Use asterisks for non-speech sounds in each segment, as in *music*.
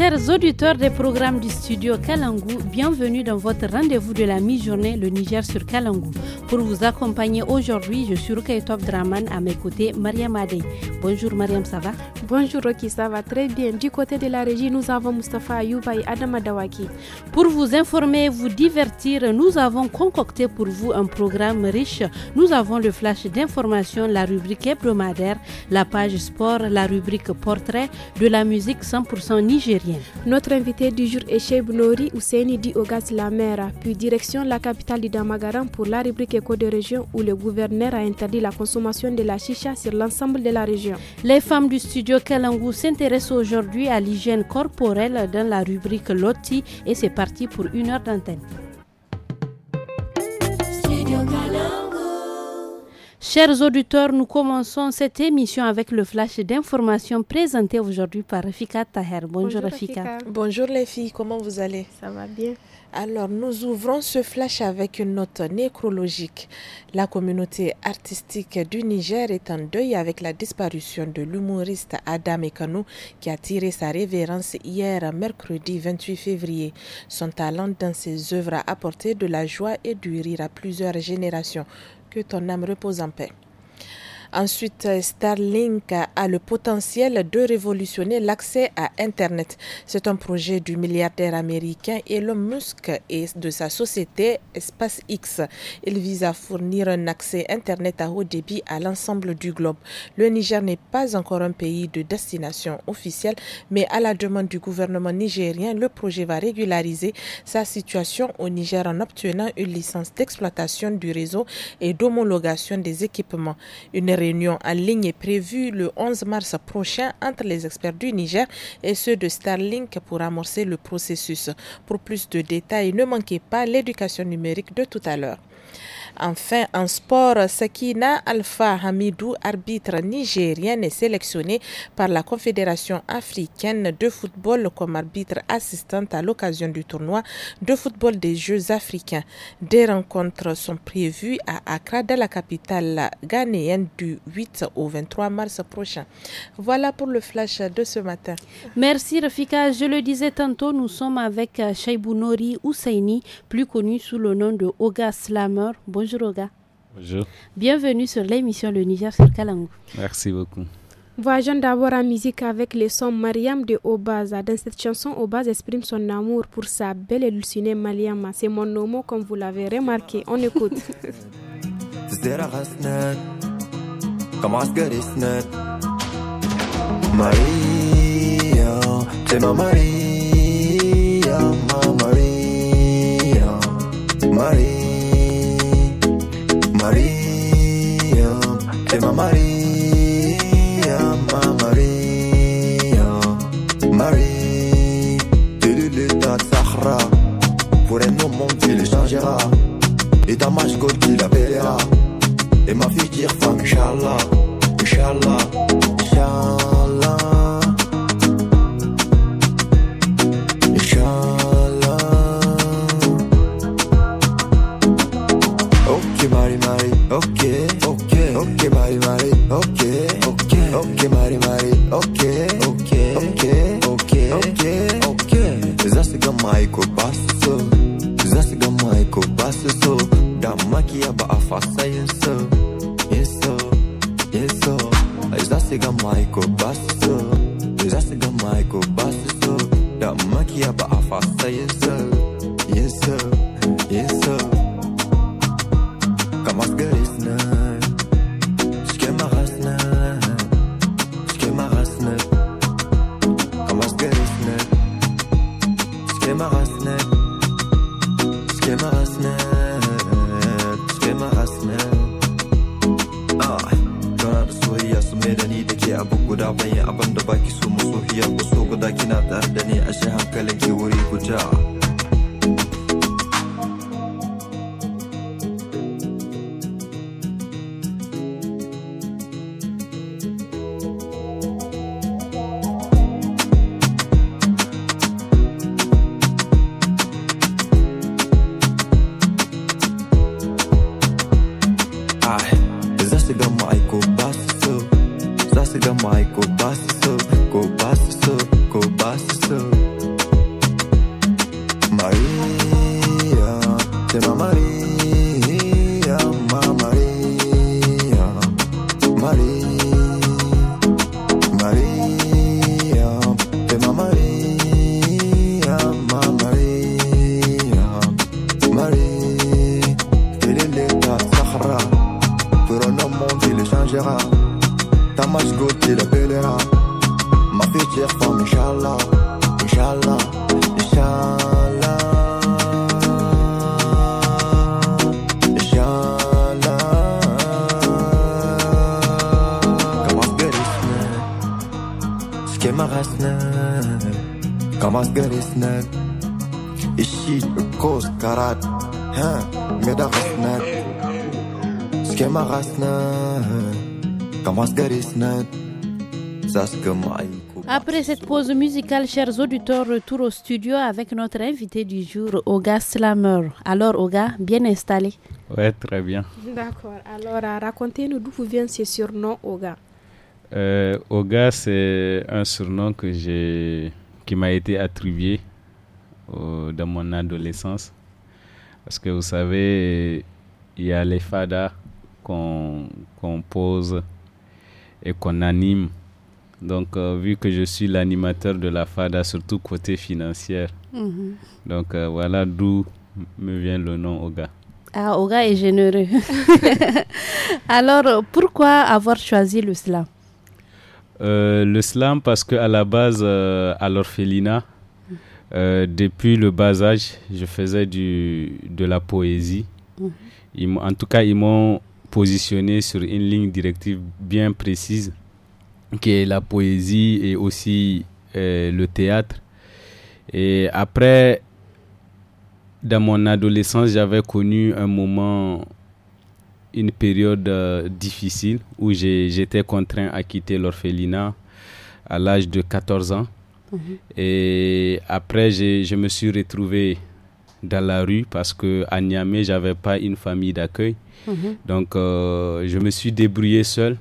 Chers auditeurs des programmes du studio Kalangou, bienvenue dans votre rendez-vous de la mi-journée Le Niger sur Kalangou. Pour vous accompagner aujourd'hui, je suis Rukai Draman à mes côtés, Mariam Adey. Bonjour Mariam, ça va Bonjour Rocky, ça va très bien. Du côté de la régie, nous avons Mustafa Ayouba et Adam Adawaki. Pour vous informer, vous divertir, nous avons concocté pour vous un programme riche. Nous avons le flash d'information, la rubrique hebdomadaire, la page sport, la rubrique portrait, de la musique 100% nigérienne. Notre invité du jour est Cheb Nori Ousseini Diogas Lamera, puis direction la capitale d'Idamagaram pour la rubrique éco de région où le gouverneur a interdit la consommation de la chicha sur l'ensemble de la région. Les femmes du studio Kalangou s'intéresse aujourd'hui à l'hygiène corporelle dans la rubrique Lotti et c'est parti pour une heure d'antenne. Chers auditeurs, nous commençons cette émission avec le flash d'informations présenté aujourd'hui par Rafika Taher. Bonjour, Bonjour Rafika. Bonjour les filles, comment vous allez Ça va bien. Alors nous ouvrons ce flash avec une note nécrologique. La communauté artistique du Niger est en deuil avec la disparition de l'humoriste Adam Ekanou qui a tiré sa révérence hier mercredi 28 février. Son talent dans ses œuvres a apporté de la joie et du rire à plusieurs générations. Que ton âme repose en paix. Ensuite, Starlink a le potentiel de révolutionner l'accès à Internet. C'est un projet du milliardaire américain Elon Musk et de sa société SpaceX. Il vise à fournir un accès Internet à haut débit à l'ensemble du globe. Le Niger n'est pas encore un pays de destination officielle, mais à la demande du gouvernement nigérien, le projet va régulariser sa situation au Niger en obtenant une licence d'exploitation du réseau et d'homologation des équipements. Une réunion en ligne est prévue le 11 mars prochain entre les experts du Niger et ceux de Starlink pour amorcer le processus. Pour plus de détails, ne manquez pas l'éducation numérique de tout à l'heure. Enfin, en sport, Sakina Alpha Hamidou, arbitre nigérienne, est sélectionnée par la Confédération africaine de football comme arbitre assistante à l'occasion du tournoi de football des Jeux africains. Des rencontres sont prévues à Accra, dans la capitale ghanéenne, du 8 au 23 mars prochain. Voilà pour le flash de ce matin. Merci Rafika. Je le disais tantôt, nous sommes avec Shaibou Nori plus connu sous le nom de Oga Slammer. Bonjour. Bonjour Bonjour. Bienvenue sur l'émission Le Niger sur Kalangou. Merci beaucoup. Voyons d'abord à musique avec les sons Mariam de Obaza. Dans cette chanson, Obaza exprime son amour pour sa belle et lucinée Mariam. C'est mon homo, comme vous l'avez remarqué. On écoute. *laughs* Maria, et ma Maria, ma Maria, Marie, tu le l'état ta Sahara. Pour un nom mon Dieu le changera. Et ta mâche gold la l'appellera. Et ma fille dire femme, Inch'Allah, Inch'Allah. Après cette pause musicale, chers auditeurs, retour au studio avec notre invité du jour, Oga Slammer. Alors, Oga, bien installé Oui, très bien. D'accord. Alors, euh, racontez-nous d'où vient ce surnom, Oga. Euh, Oga, c'est un surnom que j'ai, qui m'a été attribué dans mon adolescence. Parce que vous savez, il y a les fadas qu'on pose et qu'on anime. Donc, euh, vu que je suis l'animateur de la FADA, surtout côté financière, mhm. donc euh, voilà d'où me vient le nom Oga. Ah, Oga est généreux. *laughs* Alors, pourquoi avoir choisi le slam euh, Le slam, parce qu'à la base, à l'orphelinat, mhm. depuis le bas âge, je faisais du, de la poésie. Mhm. en tout cas, ils m'ont positionné sur une ligne directive bien précise, qui est la poésie et aussi euh, le théâtre. Et après, dans mon adolescence, j'avais connu un moment, une période euh, difficile où j'étais contraint à quitter l'orphelinat à l'âge de 14 ans. Mm-hmm. Et après, je me suis retrouvé dans la rue parce que à je j'avais pas une famille d'accueil. Mhm. Donc, euh, je me suis débrouillé seul.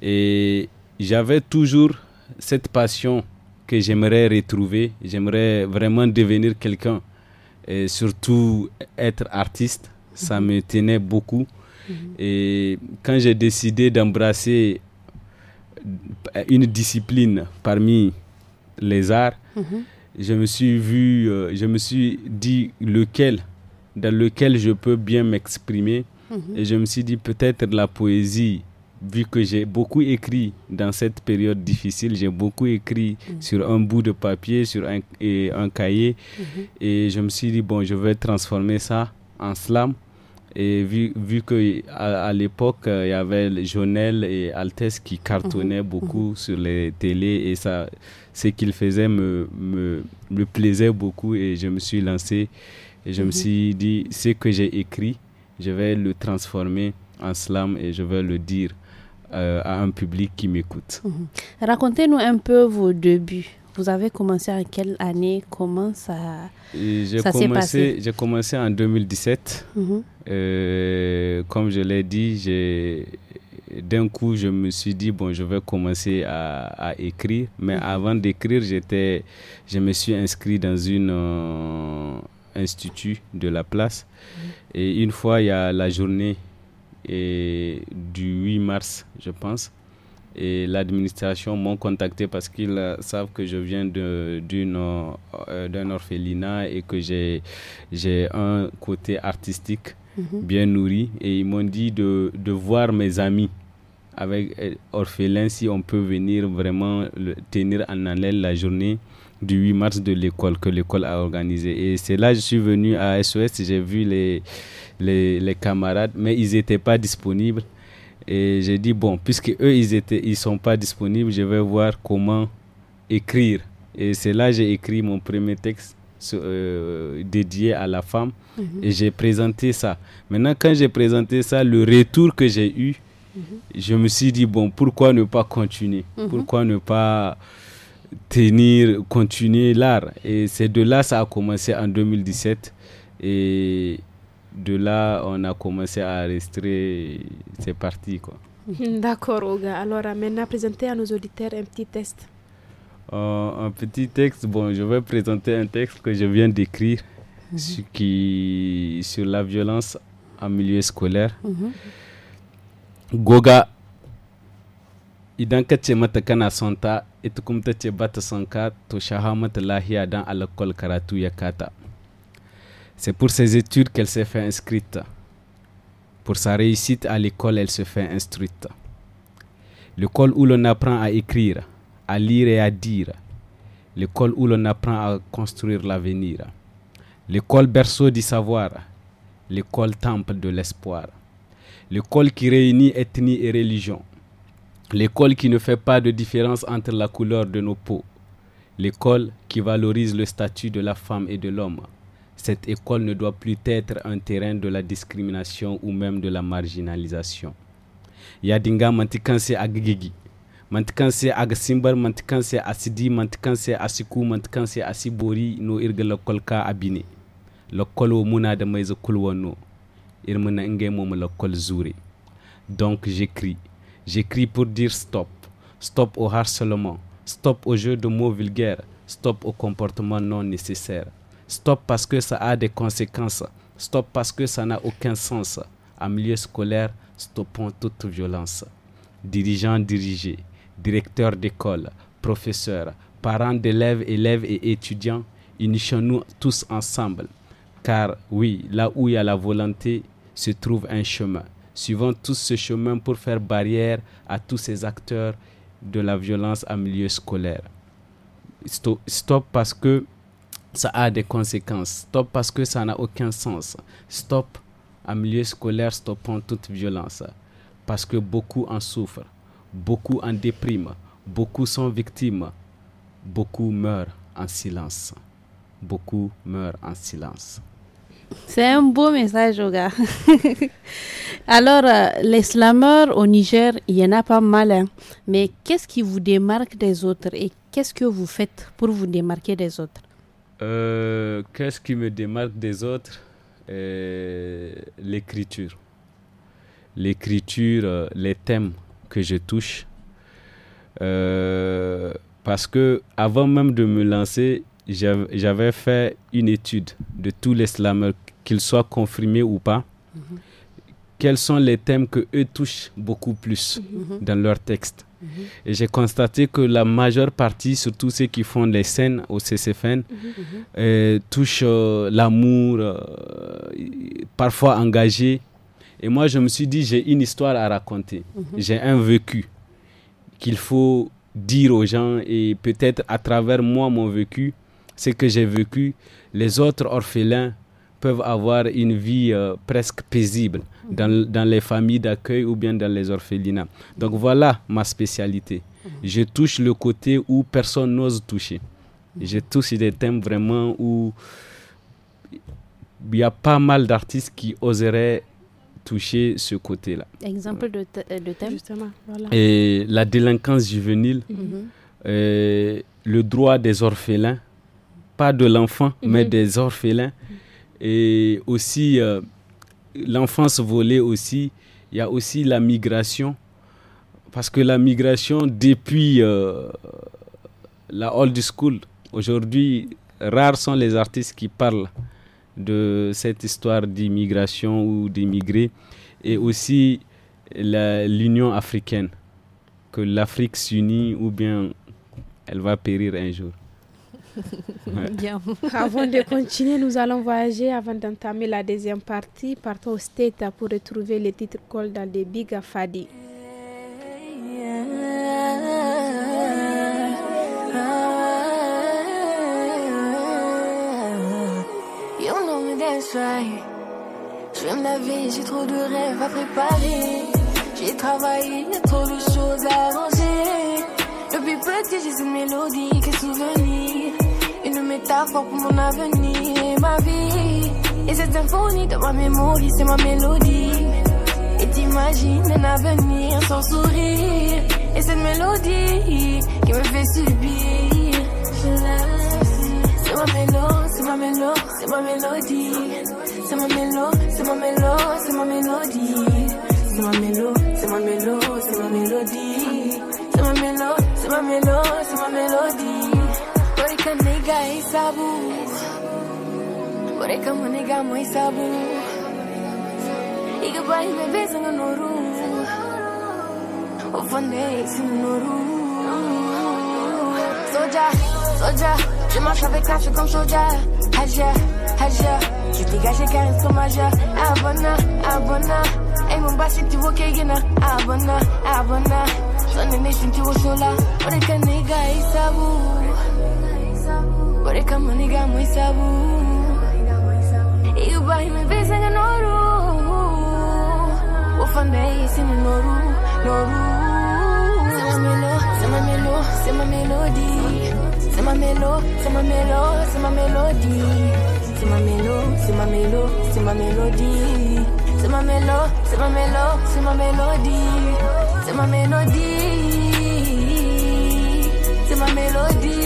Et j'avais toujours cette passion que j'aimerais retrouver. J'aimerais vraiment devenir quelqu'un. Et surtout être artiste, ça mhm. me tenait beaucoup. Mhm. Et quand j'ai décidé d'embrasser une discipline parmi les arts, je me suis vu, euh, je me suis dit lequel, dans lequel je peux bien m'exprimer et je me suis dit, peut-être la poésie, vu que j'ai beaucoup écrit dans cette période difficile, j'ai beaucoup écrit mm. sur un bout de papier, sur un, et un cahier. Mm-hmm. Et je me suis dit, bon, je vais transformer ça en slam. Et vu, vu que à, l'époque, euh, il y avait Jonel et Altes qui cartonnaient mm-hmm. beaucoup mm-hmm. sur les télés et ça, ce qu'ils faisaient me, me, plaisait beaucoup et je me suis lancé et je me suis dit, ce que j'ai écrit, je vais le transformer en slam et je vais le dire euh, à un public qui m'écoute. Mhm. Racontez-nous un peu vos débuts. Vous avez commencé en quelle année Comment ça, ça s'est passé J'ai commencé en 2017. Mhm. Euh, comme je l'ai dit, d'un coup, je me suis dit, bon, je vais commencer à, écrire. Mais mhm. avant d'écrire, je me suis inscrit dans un euh, institut de la place. Et une fois, il y a la journée eh, du 8 mars, je pense. Et l'administration m'ont contacté parce qu'ils savent que je viens euh, d'un orphelinat et que j'ai un côté artistique mhm. bien nourri. Et ils m'ont dit de, de, voir mes amis avec eh, orphelin si on peut venir vraiment tenir en allèle la journée du 8 mars de l'école que l'école a organisé. Et c'est là que je suis venu à SOS, j'ai vu les, les, camarades, mais ils n'étaient pas disponibles. Et j'ai dit, bon, puisque eux, ils ne ils sont pas disponibles, je vais voir comment écrire. Et c'est là que j'ai écrit mon premier texte euh, dédié à la femme. Mhm. Et j'ai présenté ça. Maintenant, quand j'ai présenté ça, le retour que j'ai eu, mhm. je me suis dit, bon, pourquoi ne pas continuer mhm. Pourquoi ne pas tenir, continuer l'art. Et c'est de là ça a commencé en 2017. Et de là, on a commencé à rester ces parties. Quoi. *laughs* D'accord, Oga. Alors, maintenant, présentez à nos auditeurs un petit texte euh, un petit texte, bon, je vais présenter un texte que je viens d'écrire mhm. qui, sur la violence en milieu scolaire. Mhm. Goga c'est pour ses études qu'elle s'est fait inscrite pour sa réussite à l'école elle se fait instruite l'école où l'on apprend à écrire à lire et à dire l'école où l'on apprend à construire l'avenir l'école berceau du savoir l'école temple de l'espoir l'école qui réunit ethnie et religion L'école qui ne fait pas de différence entre la couleur de nos peaux. L'école qui valorise le statut de la femme et de l'homme. Cette école ne doit plus être un terrain de la discrimination ou même de la marginalisation. Yadinga mantikanse agigigi. Mantikanse agasimbar, mantikanse asidi, mantikanse asiku, mantikanse asibori no irgala kolka abine. L'école au muna de maize kulwano. Irmana ingemo l'école zure. Donc j'écris. J'écris pour dire stop. Stop au harcèlement. Stop au jeu de mots vulgaires. Stop au comportement non nécessaire. Stop parce que ça a des conséquences. Stop parce que ça n'a aucun sens. En milieu scolaire, stoppons toute violence. Dirigeants dirigés, directeurs d'école, professeurs, parents d'élèves, élèves et étudiants, unissons-nous tous ensemble. Car oui, là où il y a la volonté, se trouve un chemin suivons tous ce chemin pour faire barrière à tous ces acteurs de la violence à milieu scolaire. Stop, parce que ça a des conséquences. Stop parce que ça n'a aucun sens. Stop à milieu scolaire, stoppons toute violence. Parce que beaucoup en souffrent, beaucoup en dépriment, beaucoup sont victimes, beaucoup meurent en silence. Beaucoup meurent en silence. C'est un beau message Oga. *laughs* Alors, euh, les slammeurs au Niger, il y en a pas mal. Hein. Mais qu'est-ce qui vous démarque des autres et qu'est-ce que vous faites pour vous démarquer des autres euh, Qu'est-ce qui me démarque des autres euh, L'écriture. L'écriture, les thèmes que je touche. parce que avant même de me lancer, j'avais fait une étude de tous les slameurs, qu'ils soient confirmés ou pas. Mhm. Quels sont les thèmes que eux touchent beaucoup plus mhm. Mhm. dans leurs textes Et j'ai constaté que la majeure partie, surtout ceux qui font les scènes au CCFN, euh, touchent euh, l'amour, euh, parfois engagé. Et moi, je me suis dit, j'ai une histoire à raconter, j'ai un vécu qu'il faut dire aux gens et peut-être à travers moi mon vécu ce que j'ai vécu, les autres orphelins peuvent avoir une vie euh, presque paisible dans, mhm. dans les familles d'accueil ou bien dans les orphelinats. Donc voilà ma spécialité. Mhm. Je touche le côté où personne n'ose toucher. Mhm. Je touche des thèmes vraiment où il y a pas mal d'artistes qui oseraient toucher ce côté-là. Exemple de, euh, thème Justement, voilà. Et la délinquance juvénile, euh, le droit des orphelins, pas de l'enfant, mhm. mais des orphelins. Mhm. Et aussi, euh, l'enfance volée aussi, il y a aussi la migration. Parce que la migration, depuis euh, la old school, aujourd'hui, rares sont les artistes qui parlent de cette histoire d'immigration ou d'immigrés. Et aussi l'Union africaine, que l'Afrique s'unit ou bien elle va périr un jour. Bien. *laughs* Avant de continuer, nous allons voyager avant d'entamer la deuxième partie. Partons au State pour retrouver les titres Col dans des Big Afadi. You know that's right. Je viens de la vie, j'ai trop de rêves à préparer. J'ai travaillé, y trop de choses à ranger. Depuis petit, j'ai une mélodie, que souvenir. Je métaphore pour mon avenir et ma vie. Et cette symphonie dans ma mémoire, c'est ma mélodie. Et t'imagines un avenir sans sourire. Et cette mélodie qui me fait subir. C'est ma mélodie, c'est ma c'est ma C'est ma c'est ma mélodie, c'est ma mélodie. C'est ma mélodie, c'est ma mélodie, c'est ma mélodie. C'est ma mélodie, c'est ma mélodie, c'est ma mélodie. nega negai sabu Mereka menegamai sabu Iga bayi bebe sanga noru Ofane sinu noru Soja, soja Je marche avec un comme soja Haja, haja Tu dégages les carrés comme Aja abona, abana Et mon bas c'est tu vois qu'il y en a Abana, abana Sonne nation tu vois sola Mereka negai sabu Mereka menikamu isabu Ibrahim besen noru Wafan bei sin noru noru Sama melo sama melo sama melody Sama melo sama melo sama melody Sama melo sama melo sama melody Sama melo sama melo sama melody Sama melody Sama melody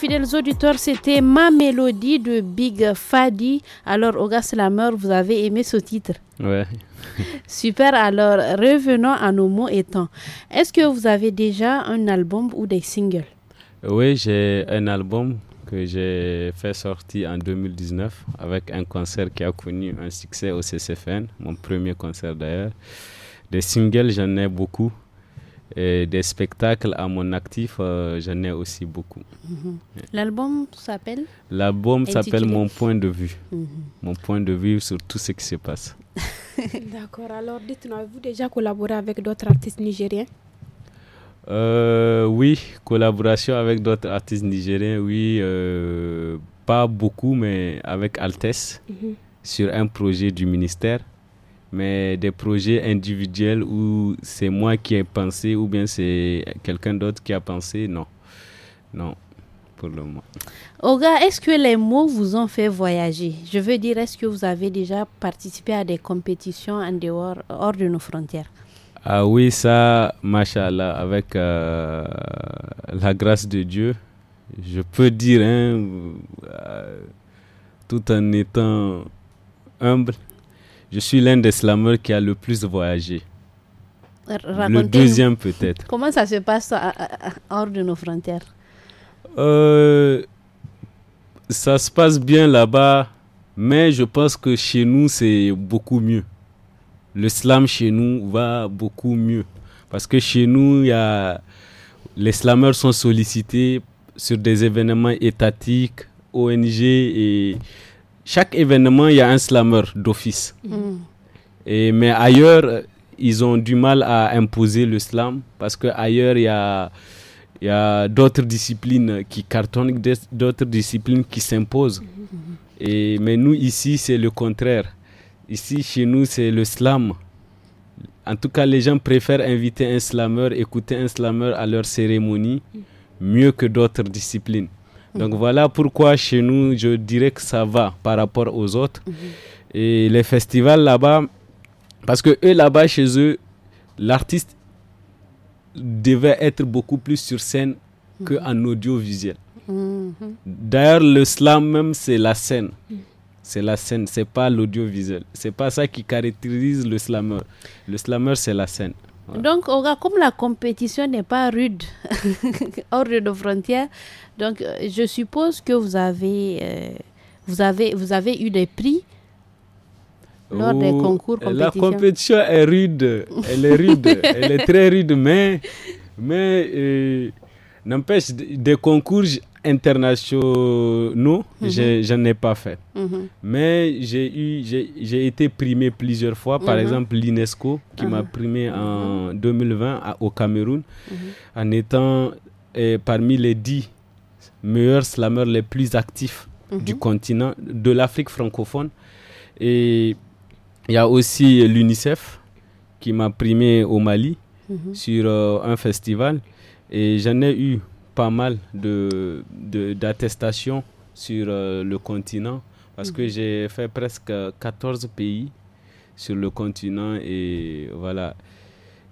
fidèles auditeurs, c'était Ma Mélodie de Big Fadi. Alors, Ogas Lameur, vous avez aimé ce titre Ouais. *laughs* Super, alors revenons à nos mots étant Est-ce que vous avez déjà un album ou des singles Oui, j'ai un album que j'ai fait sortir en 2019 avec un concert qui a connu un succès au CCFN, mon premier concert d'ailleurs. Des singles, j'en ai beaucoup. Et des spectacles à mon actif, euh, j'en ai aussi beaucoup. Mhm. L'album s'appelle L'album s'appelle Mon point de vue. Mhm. Mon point de vue sur tout ce qui se passe. *laughs* D'accord. Alors, dites-nous, avez-vous déjà collaboré avec d'autres artistes nigériens euh, Oui, collaboration avec d'autres artistes nigériens, oui. Euh, pas beaucoup, mais avec Altesse, mhm. sur un projet du ministère mais des projets individuels où c'est moi qui ai pensé ou bien c'est quelqu'un d'autre qui a pensé, non. Non, pour le moment. Oga, est-ce que les mots vous ont fait voyager Je veux dire, est-ce que vous avez déjà participé à des compétitions en dehors, hors de nos frontières Ah oui, ça, machallah, avec euh, la grâce de Dieu, je peux dire, hein, euh, tout en étant humble, je suis l'un des slameurs qui a le plus voyagé. le deuxième peut-être. Comment ça se passe hors de nos frontières euh, Ça se passe bien là-bas, mais je pense que chez nous, c'est beaucoup mieux. Le slam chez nous va beaucoup mieux. Parce que chez nous, y a, les slameurs sont sollicités sur des événements étatiques, ONG et chaque événement, il y a un slammer d'office. Mm. Et, mais ailleurs, ils ont du mal à imposer le slam parce qu'ailleurs, il y a, y a d'autres disciplines qui cartonnent, d'autres disciplines qui s'imposent. Mm-hmm. Et, mais nous, ici, c'est le contraire. Ici, chez nous, c'est le slam. En tout cas, les gens préfèrent inviter un slameur, écouter un slameur à leur cérémonie, mm. mieux que d'autres disciplines. Donc voilà pourquoi chez nous, je dirais que ça va par rapport aux autres. Mhm. Et les festivals là-bas, parce que eux là-bas, chez eux, l'artiste devait être beaucoup plus sur scène mhm. qu'en audiovisuel. Mhm. D'ailleurs, le slam même, c'est la scène. C'est la scène, c'est pas l'audiovisuel. C'est pas ça qui caractérise le slammer. Le slammer, c'est la scène. Donc, comme la compétition n'est pas rude *laughs* hors de nos frontières, donc euh, je suppose que vous avez, euh, vous avez, vous avez eu des prix lors des concours La compétition est rude, elle est rude, elle est très rude, mais, euh, n'empêche, des concours, internationaux, mhm. je n'en ai pas fait. Mhm. Mais j'ai eu, j'ai été primé plusieurs fois. Par mhm. exemple, l'UNESCO qui m'a primé en 2020 au Cameroun en étant eh, parmi les dix meilleurs slammers les plus actifs du continent, de l'Afrique francophone. Et il y a aussi l'UNICEF qui m'a primé au Mali sur euh, un festival. Et j'en ai eu pas mal de, d'attestations sur euh, le continent parce que mhm. j'ai fait presque 14 pays sur le continent et voilà.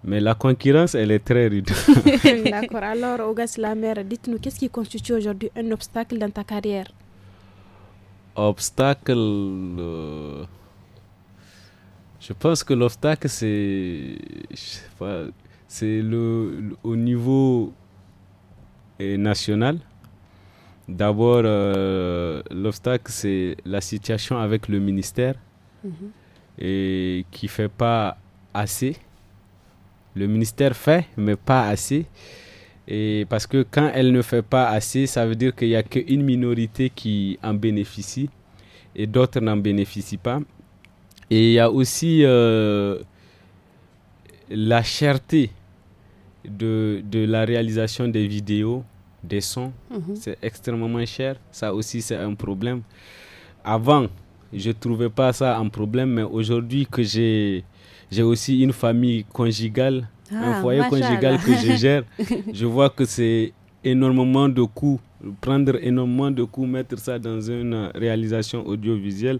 Mais la concurrence, elle est très rude. *laughs* *laughs* D'accord. Alors, la mère dites-nous, qu'est-ce qui constitue aujourd'hui un obstacle dans ta carrière Obstacle. Euh, je pense que l'obstacle, c'est. C'est le, le, au niveau national. D'abord, euh, l'obstacle, c'est la situation avec le ministère mhm. et qui fait pas assez. Le ministère fait, mais pas assez. Et parce que quand elle ne fait pas assez, ça veut dire qu'il n'y a qu'une minorité qui en bénéficie et d'autres n'en bénéficient pas. Et il y a aussi euh, la cherté de, de la réalisation des vidéos, des sons, mhm. c'est extrêmement cher. Ça aussi, c'est un problème. Avant, je ne trouvais pas ça un problème, mais aujourd'hui que j'ai, j'ai aussi une famille conjugale, ah, un foyer conjugal que je *laughs* gère, je vois que c'est énormément de coûts, prendre énormément de coûts, mettre ça dans une réalisation audiovisuelle.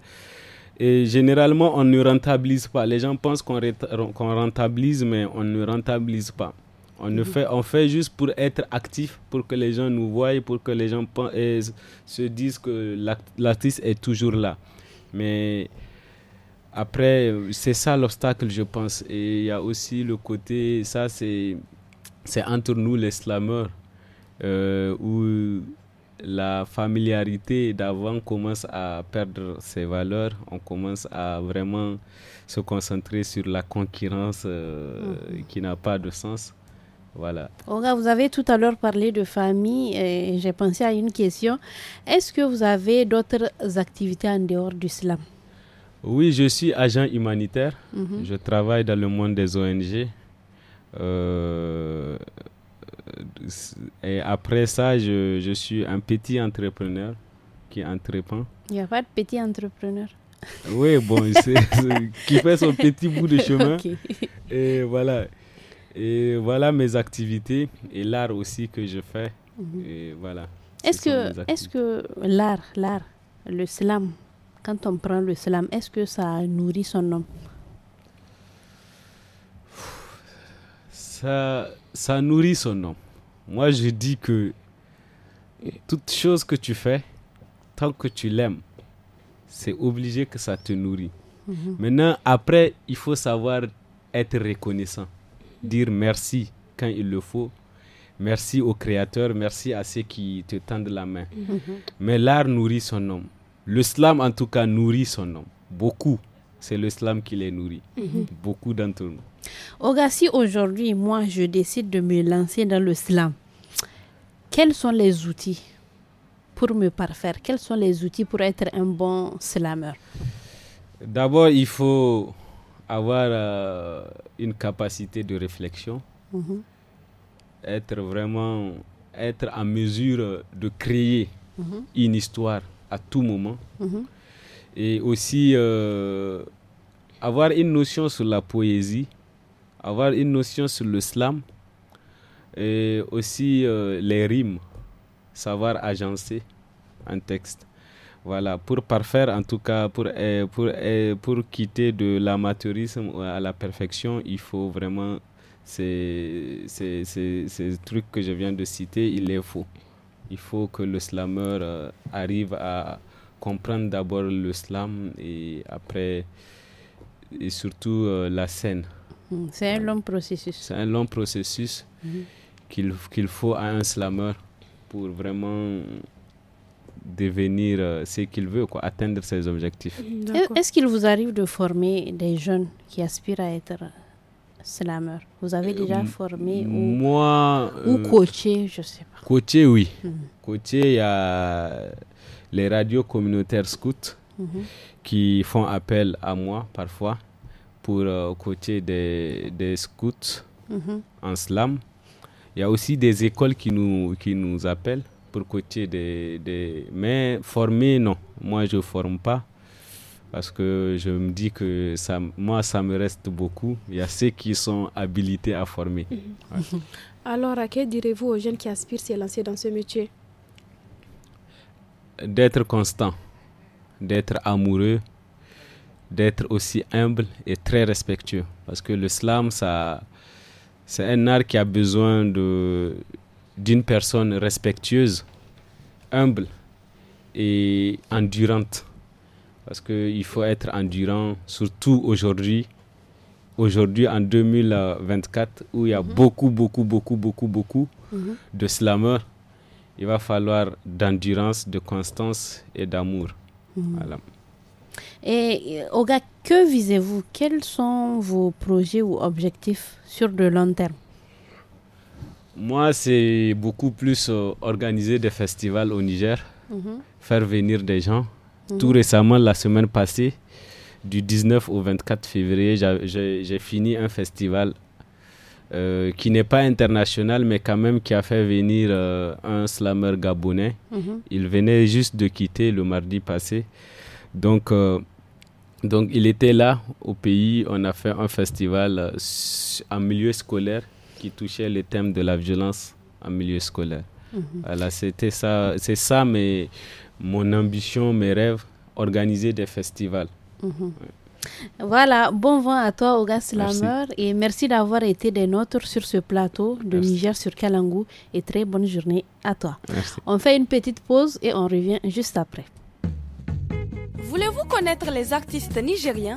Et généralement, on ne rentabilise pas. Les gens pensent qu'on, qu'on rentabilise, mais on ne rentabilise pas. On, ne fait, on fait juste pour être actif, pour que les gens nous voient, pour que les gens se disent que l'artiste est toujours là. Mais après, c'est ça l'obstacle, je pense. Et il y a aussi le côté, ça c'est entre nous les slameurs, euh, où la familiarité d'avant commence à perdre ses valeurs, on commence à vraiment se concentrer sur la concurrence euh, mm-hmm. qui n'a pas de sens. Voilà. Olga, vous avez tout à l'heure parlé de famille et j'ai pensé à une question. Est-ce que vous avez d'autres activités en dehors du slam Oui, je suis agent humanitaire. Mhm. Je travaille dans le monde des ONG. Euh, et après ça, je, je, suis un petit entrepreneur qui entreprend. Il n'y a pas de petit entrepreneur. Oui, bon, *laughs* qui fait son petit bout de chemin. Et voilà. Et voilà mes activités et l'art aussi que je fais. Mhm. voilà. Est-ce que, est que l'art, l'art, le slam, quand on prend le slam, est-ce que ça nourrit son homme ça, ça nourrit son homme. Moi, je dis que toute chose que tu fais, tant que tu l'aimes, c'est obligé que ça te nourrit. Mhm. Maintenant, après, il faut savoir être reconnaissant dire merci quand il le faut. Merci au Créateur, merci à ceux qui te tendent la main. Mhm. Mais l'art nourrit son homme. Le slam, en tout cas, nourrit son homme. Beaucoup. C'est le slam qui les nourrit. Mhm. Beaucoup d'entre nous. Oga, aujourd'hui, moi, je décide de me lancer dans le slam, quels sont les outils pour me parfaire Quels sont les outils pour être un bon slameur D'abord, il faut avoir euh, une capacité de réflexion, mhm. être vraiment, être en mesure de créer mhm. une histoire à tout moment, mhm. et aussi euh, avoir une notion sur la poésie, avoir une notion sur le slam, et aussi euh, les rimes, savoir agencer un texte. Voilà, pour parfaire, en tout cas, pour, euh, pour, euh, pour quitter de l'amateurisme à la perfection, il faut vraiment ces, ces, trucs que je viens de citer, il est faux. Il faut que le slammer euh, arrive à comprendre d'abord le slam et après, et surtout la scène. Mm, c'est un long processus. C'est un long processus mm-hmm. qu'il faut à un slameur pour vraiment devenir euh, ce qu'il veut, quoi, atteindre ses objectifs. Mm, est-ce qu'il vous arrive de former des jeunes qui aspirent à être euh, slammer Vous avez euh, déjà formé ou, Moi, ou coaché, je sais pas. Coaché, oui. Mm. Coaché, il y a les radios communautaires scouts mm-hmm. qui font appel à moi parfois pour coacher des, des scouts mm-hmm. en slam. Il y a aussi des écoles qui nous, qui nous appellent pour côté des, des... Mais former, non. Moi, je ne forme pas. Parce que je me dis que ça, moi, ça me reste beaucoup. Il y a ceux qui sont habilités à former. Mhm. Alors, à que direz-vous aux jeunes qui aspirent à dans ce métier D'être constant, d'être amoureux, d'être aussi humble et très respectueux. Parce que le slam, c'est un art qui a besoin de, d'une personne respectueuse, humble et endurante. Parce qu'il faut être endurant, surtout aujourd'hui, aujourd'hui en 2024, où il y a mhm. beaucoup, beaucoup, beaucoup, beaucoup, beaucoup mhm. de slameurs. Il va falloir d'endurance, de constance et d'amour. Mhm. Et Oga, que visez-vous Quels sont vos projets ou objectifs sur le long terme moi, c'est beaucoup plus euh, organiser des festivals au Niger, mhm. faire venir des gens. Mhm. Tout récemment, la semaine passée, du 19 au 24 février, j'ai fini un festival euh, qui n'est pas international, mais quand même qui a fait venir euh, un slammer gabonais. Mhm. Il venait juste de quitter le mardi passé. Donc, donc, il était là au pays. On a fait un festival en milieu scolaire qui touchait le thème de la violence en milieu scolaire. Mhm. Voilà, c'était ça, c'est ça mais mon ambition, mes rêves, organiser des festivals. Mhm. Voilà, bon vent à toi, Auguste Lameur, et merci d'avoir été des nôtres sur ce plateau de Niger sur Kalangu et très bonne journée à toi. On fait une petite pause et on revient juste après. Voulez-vous connaître les artistes nigériens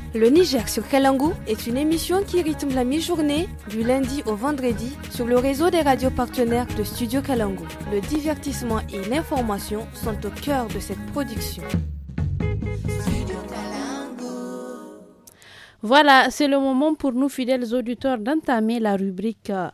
Le Niger sur Kalangu est une émission qui rythme la mi-journée du lundi au vendredi sur le réseau des radios partenaires de Studio Kalangu. Le divertissement et l'information sont au cœur de cette production. Voilà, c'est le moment pour nous fidèles auditeurs d'entamer la rubrique euh,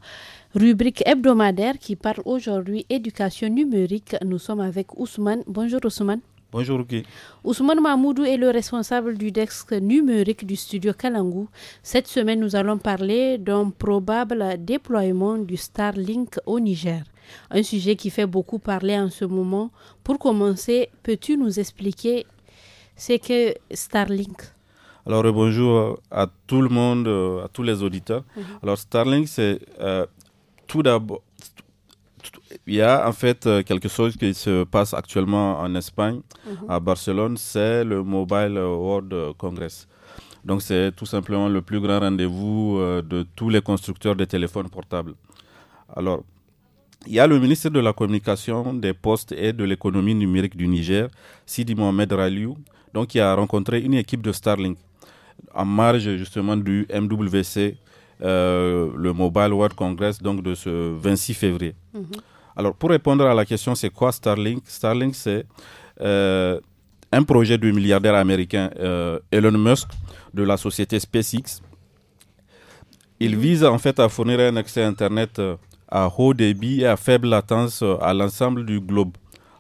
rubrique hebdomadaire qui parle aujourd'hui éducation numérique. Nous sommes avec Ousmane. Bonjour Ousmane. Bonjour Guy. Ousmane Mahmoudou est le responsable du desk numérique du studio Kalangou. Cette semaine, nous allons parler d'un probable déploiement du Starlink au Niger. Un sujet qui fait beaucoup parler en ce moment. Pour commencer, peux-tu nous expliquer ce que Starlink alors euh, bonjour euh, à tout le monde, euh, à tous les auditeurs. Mhm. Alors Starlink, c'est tout d'abord il y a en fait euh, quelque chose qui se passe actuellement en Espagne, mhm. à Barcelone, c'est le Mobile World Congress. Donc c'est tout simplement le plus grand rendez-vous euh, de tous les constructeurs de téléphones portables. Alors, il y a le ministre de la Communication, des Postes et de l'économie numérique du Niger, Sidi Mohamed Raliou, donc qui a rencontré une équipe de Starlink en marge justement du MWC, euh, le Mobile World Congress, donc de ce 26 février. Mhm. Alors, pour répondre à la question, c'est quoi Starlink Starlink, c'est euh, un projet du milliardaire américain euh, Elon Musk de la société SpaceX. Il vise en fait à fournir un accès Internet euh, à haut débit et à faible latence à l'ensemble du globe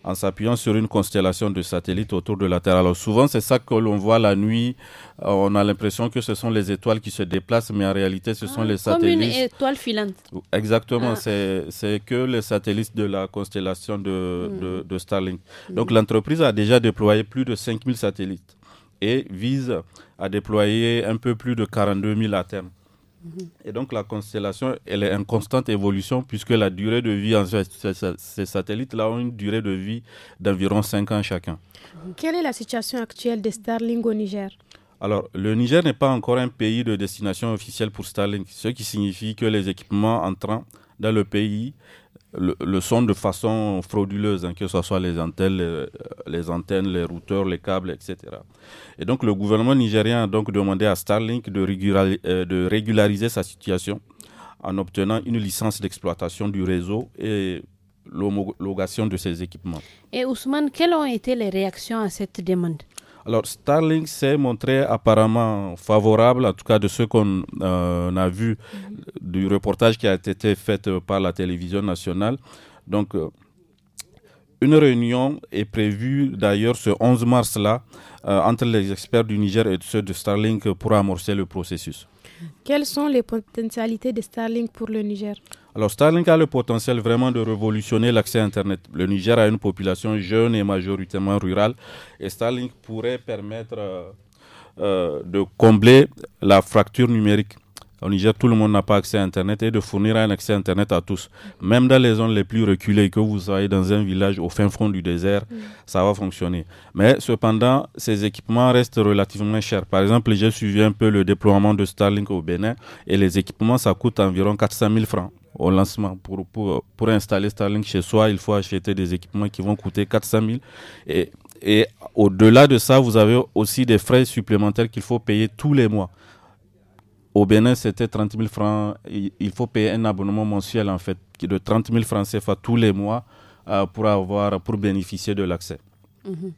en s'appuyant sur une constellation de satellites autour de la Terre. Alors souvent, c'est ça que l'on voit la nuit. Euh, on a l'impression que ce sont les étoiles qui se déplacent, mais en réalité, ce sont ah, les satellites. Comme une étoile filante. Exactement, ah. c'est que les satellites de la constellation de, hmm. Starlink. Hmm. Donc l'entreprise a déjà déployé plus de 5000 satellites et vise à déployer un peu plus de 42 000 à terme. Et donc la constellation, elle est en constante évolution puisque la durée de vie, en ces satellites-là ont une durée de vie d'environ 5 ans chacun. Quelle est la situation actuelle de Starlink au Niger alors, le Niger n'est pas encore un pays de destination officielle pour Starlink, ce qui signifie que les équipements entrant dans le pays le, sont de façon frauduleuse, hein, que ce soit les antennes, les, antennes, les routeurs, les câbles, etc. Et donc le gouvernement nigérien a donc demandé à Starlink de, euh, de régulariser sa situation en obtenant une licence d'exploitation du réseau et l'homologation de ses équipements. Et Ousmane, quelles ont été les réactions à cette demande alors, Starlink s'est montré apparemment favorable, en tout cas de ce qu'on euh, a vu du reportage qui a été fait par la télévision nationale. Donc, euh, une réunion est prévue d'ailleurs ce 11 mars-là euh, entre les experts du Niger et ceux de Starlink pour amorcer le processus. Quelles sont les potentialités de Starlink pour le Niger Alors Starlink a le potentiel vraiment de révolutionner l'accès à Internet. Le Niger a une population jeune et majoritairement rurale et Starlink pourrait permettre euh, euh, de combler la fracture numérique. Au Niger, tout le monde n'a pas accès à Internet et de fournir un accès à Internet à tous. Même dans les zones les plus reculées, que vous soyez dans un village au fin fond du désert, mm. ça va fonctionner. Mais cependant, ces équipements restent relativement chers. Par exemple, j'ai suivi un peu le déploiement de Starlink au Bénin et les équipements, ça coûte environ 400 000 francs au lancement. Pour, pour, installer Starlink chez soi, il faut acheter des équipements qui vont coûter 400 000. et au-delà de ça, vous avez aussi des frais supplémentaires qu'il faut payer tous les mois. Au Bénin, c'était 30 000 francs. Il faut payer un abonnement mensuel, en fait, de 30 000 francs CFA tous les mois euh, pour, avoir, pour bénéficier de l'accès. Mhm.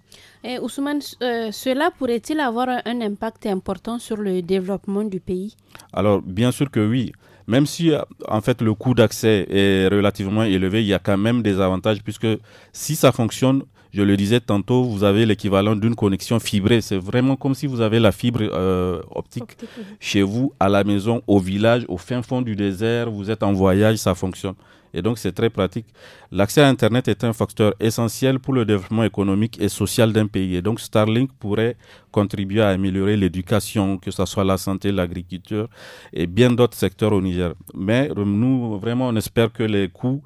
Et Ousmane, euh, cela pourrait-il avoir un impact important sur le développement du pays Alors, bien sûr que oui. Même si, euh, en fait, le coût d'accès est relativement élevé, il y a quand même des avantages, puisque si ça fonctionne, je le disais tantôt, vous avez l'équivalent d'une connexion fibrée. C'est vraiment comme si vous avez la fibre euh, optique, chez vous, à la maison, au village, au fin fond du désert. Vous êtes en voyage, ça fonctionne. Et donc, c'est très pratique. L'accès à Internet est un facteur essentiel pour le développement économique et social d'un pays. Et donc, Starlink pourrait contribuer à améliorer l'éducation, que ce soit la santé, l'agriculture et bien d'autres secteurs au Niger. Mais nous, vraiment, on espère que les coûts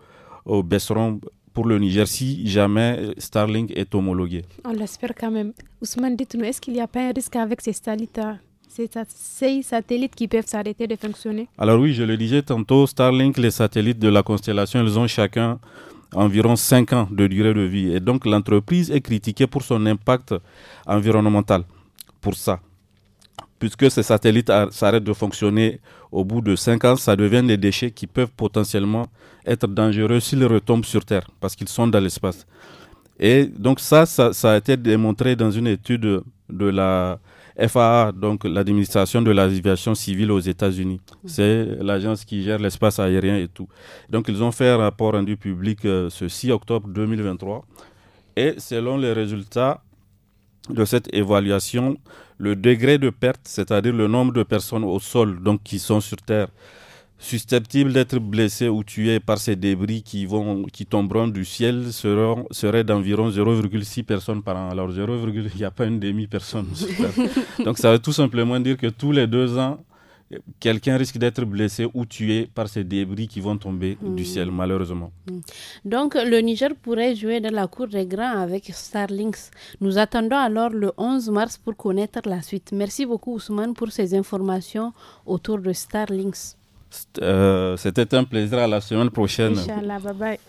euh, baisseront pour le Niger si jamais Starlink est homologué On l'espère quand même. Ousmane, dites-nous, est-ce qu'il n'y a pas un risque avec ces satellites euh, ces satellites qui peuvent s'arrêter de fonctionner Alors oui, je le disais tantôt, Starlink, les satellites de la constellation, ils ont chacun environ 5 ans de durée de vie. Et donc l'entreprise est critiquée pour son impact environnemental. Pour ça, puisque ces satellites s'arrêtent de fonctionner au bout de 5 ans, ça devient des déchets qui peuvent potentiellement être dangereux s'ils retombent sur Terre, parce qu'ils sont dans l'espace. Et donc ça, ça, a été démontré dans une étude de la FAA, donc l'administration de l'aviation civile aux États-Unis. C'est l'agence qui gère l'espace aérien et tout. Donc ils ont fait un rapport rendu public euh, ce 6 octobre 2023. Et selon les résultats, de cette évaluation le degré de perte, c'est-à-dire le nombre de personnes au sol, donc qui sont sur Terre, susceptibles d'être blessées ou tuées par ces débris qui, vont, qui tomberont du ciel, seront, serait d'environ 0,6 personnes par an. Alors 0, il n'y a pas une demi-personne *laughs* donc ça veut tout simplement dire que tous les deux ans, quelqu'un risque d'être blessé ou tué par ces débris qui vont tomber du hmm. ciel, malheureusement. Hmm. Donc, le Niger pourrait jouer dans la cour des grands avec Starlinks. Nous attendons alors le 11 mars pour connaître la suite. Merci beaucoup, Ousmane, pour ces informations autour de Starlinks. Euh, c'était un plaisir. À la semaine prochaine. Inch'Allah, bye bye.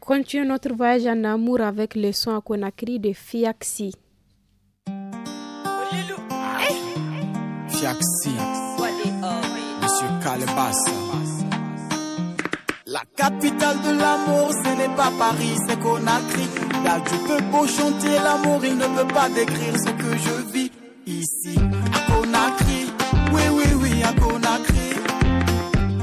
Continue notre voyage en amour avec le son à Conakry de Fiaxi. Fiaxi. La capitale de l'amour, ce n'est pas Paris, c'est Conakry. Là, tu peux beau chanter l'amour, il ne peut pas décrire ce que je vis ici. À Conakry, oui, oui, oui, à Conakry.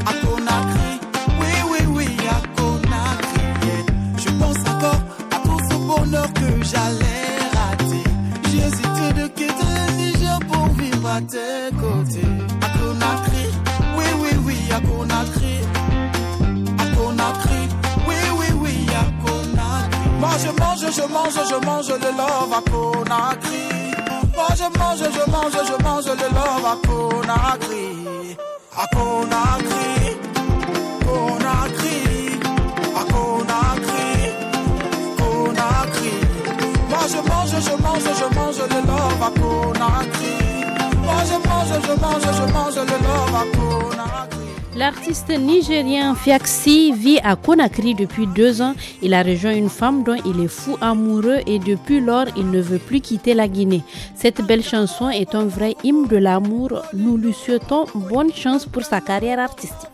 À Conakry, oui, oui, oui, à Conakry. Je pense encore à tout ce bonheur que j'allais rater. J'ai hésité de quitter le Niger pour vivre à tête je mange, je mange, je mange le love à Conakry. Moi je mange, je mange, je mange le love à Conakry. À Conakry, Conakry, à Conakry, Conakry. Moi je mange, je mange, je mange le love à Conakry. Moi je mange, je mange, je mange le love à Conakry. L'artiste nigérien Fiaxi vit à Conakry depuis deux ans. Il a rejoint une femme dont il est fou amoureux et depuis lors, il ne veut plus quitter la Guinée. Cette belle chanson est un vrai hymne de l'amour. Nous lui souhaitons bonne chance pour sa carrière artistique.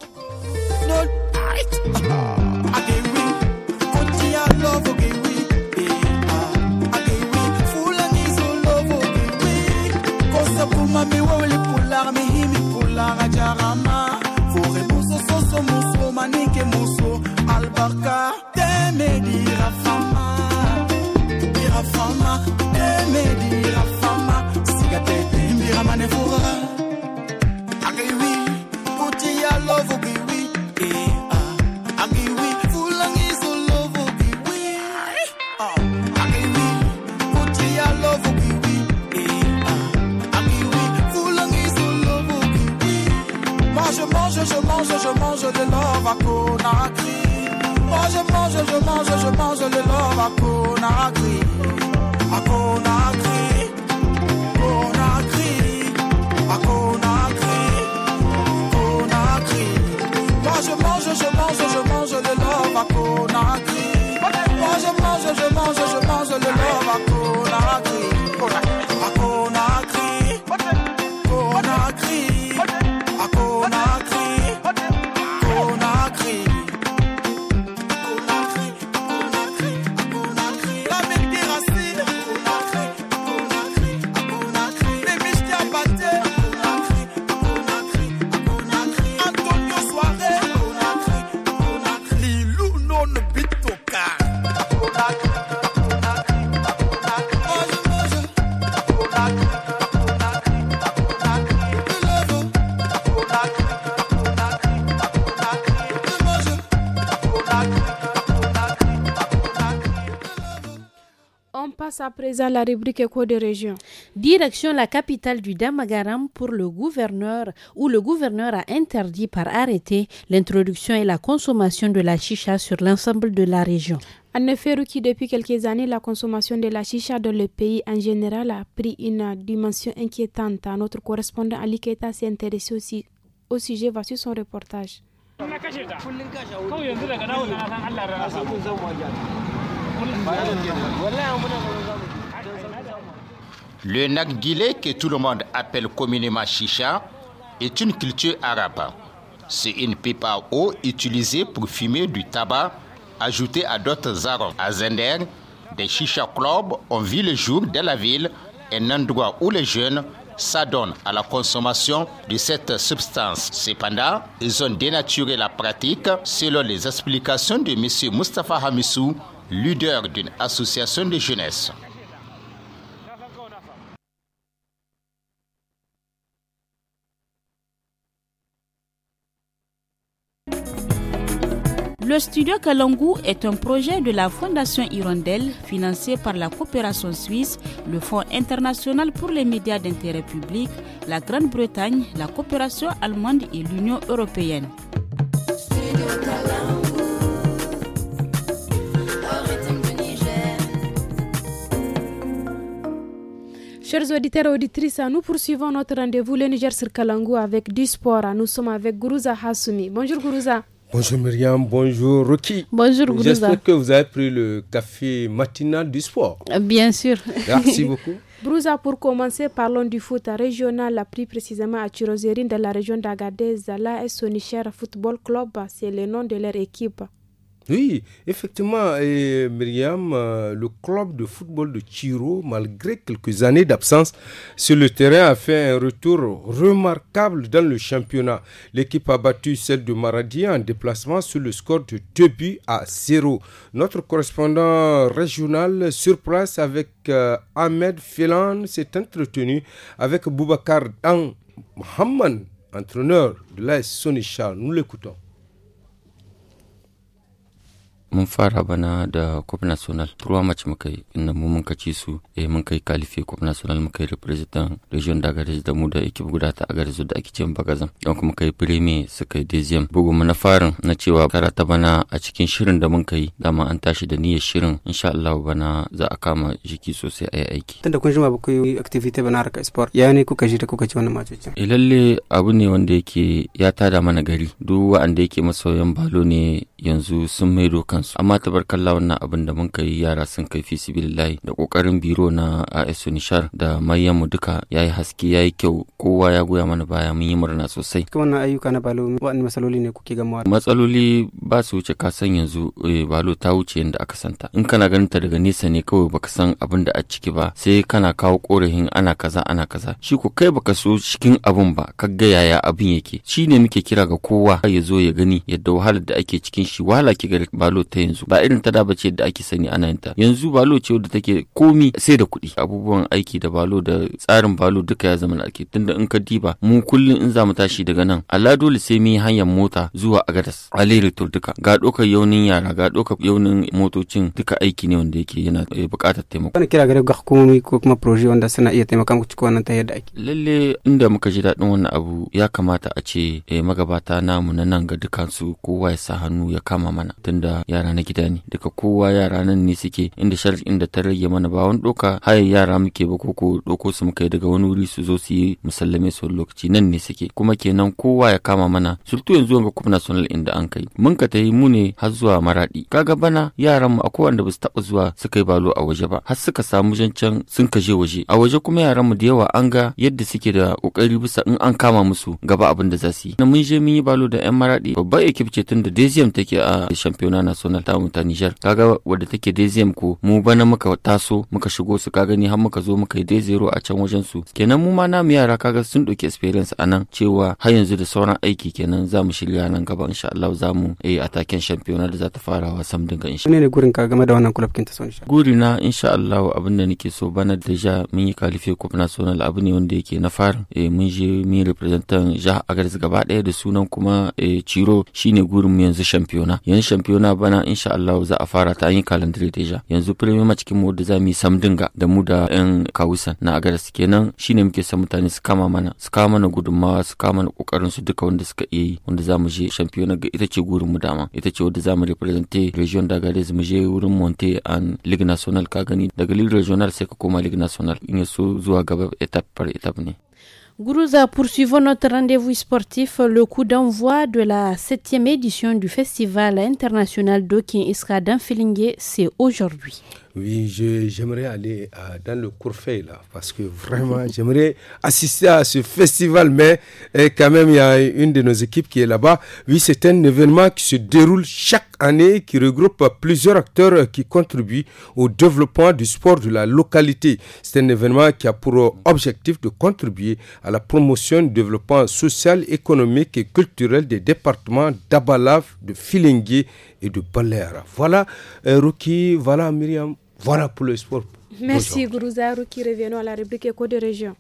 à la rubrique de région. Direction la capitale du Damagaram pour le gouverneur, où le gouverneur a interdit par arrêté l'introduction et la consommation de la chicha sur l'ensemble de la région. En effet, depuis quelques années, la consommation de la chicha dans le pays en général a pris une dimension inquiétante. Notre correspondant Ali Keita s'est intéressé aussi au sujet. Voici son reportage. Le narguilé, que tout le monde appelle communément chicha, est une culture arabe. C'est une pipe à eau utilisée pour fumer du tabac, Ajouté à d'autres arômes. À Zender, des chicha clubs ont vu le jour dans la ville, un endroit où les jeunes s'adonnent à la consommation de cette substance. Cependant, ils ont dénaturé la pratique selon les explications de M. Mustafa Hamissou, leader d'une association de jeunesse. Le studio Kalangu est un projet de la Fondation Hirondelle financé par la coopération suisse, le Fonds international pour les médias d'intérêt public, la Grande-Bretagne, la coopération allemande et l'Union européenne. Chers auditeurs et auditrices, nous poursuivons notre rendez-vous le Niger sur Kalangu avec du sport. Nous sommes avec Gourouza Hassoumi. Bonjour Gourouza. Bonjour Myriam, bonjour Rocky. Bonjour Gourouza. J'espère que vous avez pris le café matinal du sport. Euh, bien sûr. Merci *laughs* beaucoup. Brouza, pour commencer, parlons du foot régional, pris précisément à Tirozérine, de la région d'Agadez. La Sonichère Football Club, c'est le nom de leur équipe. Oui, effectivement, et Myriam, euh, le club de football de Chiro, malgré quelques années d'absence sur le terrain, a fait un retour remarquable dans le championnat. L'équipe a battu celle de Maradi en déplacement sur le score de 2 buts à 0. Notre correspondant régional sur place avec euh, Ahmed Félan s'est entretenu avec Boubacar Dan Mohamed, entraîneur de l'AS Sonichal. Nous l'écoutons. mun fara bana da cup national ruwa mace muka yi inda mu mun kaci su eh mun kai kalife cup national muka yi representant region da gare da mu da ekip guda ta garis da ake cewa bagazan don kuma kai premier su kai dezem bugu mu na farin na cewa kara ta bana a cikin shirin da mun kai dama an tashi da niyyar shirin insha Allah bana za a kama jiki sosai a yi aiki tunda kun jima ba ku yi activity bana harka sport ya ne kuka ji da kuka ci wannan matocin eh lalle abu ne wanda yake ya tada mana gari duk wa'anda yake masoyan balo ne yanzu sun maido kan kansu amma tabarkalla wannan abin da mun kai yara sun kai fi sibilillahi da kokarin biro na ASU Nishar da Maryamu duka yayi haske yayi kyau kowa ya goya mana baya mun yi murna sosai kuma wannan ayyuka na balo waɗanne matsaloli ne kuke gamawa matsaloli ba su wuce ka san yanzu eh, balo ta wuce yadda aka santa in kana ganin ta daga nesa ne kawai baka san abin da a ciki ba sai kana kawo korafin ana kaza ana kaza shi ko kai baka so cikin abin ba ka ga yaya abin yake shine muke kira ga kowa ya zo ya gani yadda wahalar da ake cikin shi wahala ki ga balo ta yanzu ba irin ta da bace da ake sani ana yin ta yanzu balo ce wadda take komi sai da kuɗi abubuwan aiki da balo da tsarin balo duka ya zama ake tunda in ka diba mu kullum in za mu tashi daga nan Allah dole sai mu yi hanyar mota zuwa Agadas alheri to duka ga ɗaukar yaunin yara ga ɗaukar yaunin motocin duka aiki ne wanda yake yana eh, buƙatar taimako wani kira gare ga hukumomi ko kuma proje wanda suna iya taimaka muku cikin wannan ta yadda ake lalle inda muka ji daɗin wannan abu ya kamata a ce eh, magabata namu na nan ga dukansu kowa ya sa hannu ya kama mana tunda ya yara na gida ne daga kowa yara nan ne suke inda sharaɗin da ta rage mana ba wani ɗoka haye yara muke ba ko ɗoko su muka daga wani wuri su zo su yi musallame su lokaci nan ne suke kuma kenan kowa ya kama mana sultu yanzu wanga kuma national inda an kai mun ka ta yi mu ne har zuwa maraɗi ga bana yaran mu akwai wanda ba su taɓa zuwa su yi balo a waje ba har suka samu jancan sun kaje waje a waje kuma yaran mu da yawa an ga yadda suke da ƙoƙari bisa in an kama musu gaba abin da za su yi na mun je mun yi balo da yan maraɗi babbar ekip ce tun da dezium take a shampiyona na na tamu ta Nijar kaga wadda take DZM ko mu bana muka taso muka shigo su ka gani har muka zo muka yi zero a can wajen su kenan mu ma namu yara kaga sun dauki experience a nan cewa har yanzu da sauran aiki kenan za mu shirya nan gaba insha Allah za mu yi eh, ataken shampiyona da za ta fara wasan dinga insha Allah. ne gurin ka game da wannan club kin ta son Guri na insha Allah abin da nake so bana da ja mun yi kalife cup national abu ne wanda yake na fara eh mun je mun representan a agres gaba daya da sunan kuma eh Ciro shine gurin mu yanzu shampiyona. Yanzu shampiyona bana nan insha Allah za a fara ta an yi calendar deja yanzu a cikin mu da za mu yi samdinga da mu da yan kawusan na agada su kenan shine muke son mutane su kama mana su kama mana gudunmawa su kama mana kokarin su duka wanda suka iya yi wanda za mu je champion ga ita ce gurin mu dama ita ce wanda za mu represente region da gare mu je wurin Monte an league National ka gani daga league Regional sai ka koma league National in yaso zuwa gaba etap par etap ne Gourouza, poursuivons notre rendez-vous sportif. Le coup d'envoi de la septième édition du Festival international d'Okin Iska dans c'est aujourd'hui. Oui, j'aimerais aller euh, dans le Courfey, là, parce que vraiment, *laughs* j'aimerais assister à ce festival, mais eh, quand même, il y a une de nos équipes qui est là-bas. Oui, c'est un événement qui se déroule chaque année qui regroupe plusieurs acteurs qui contribuent au développement du sport de la localité. C'est un événement qui a pour objectif de contribuer à la promotion du développement social, économique et culturel des départements d'Abalaf, de Filingué et de Balera. Voilà, euh, Ruki, voilà, Myriam, voilà pour le sport. Merci, Gourouza. Ruki, revenons à la République Éco de Région.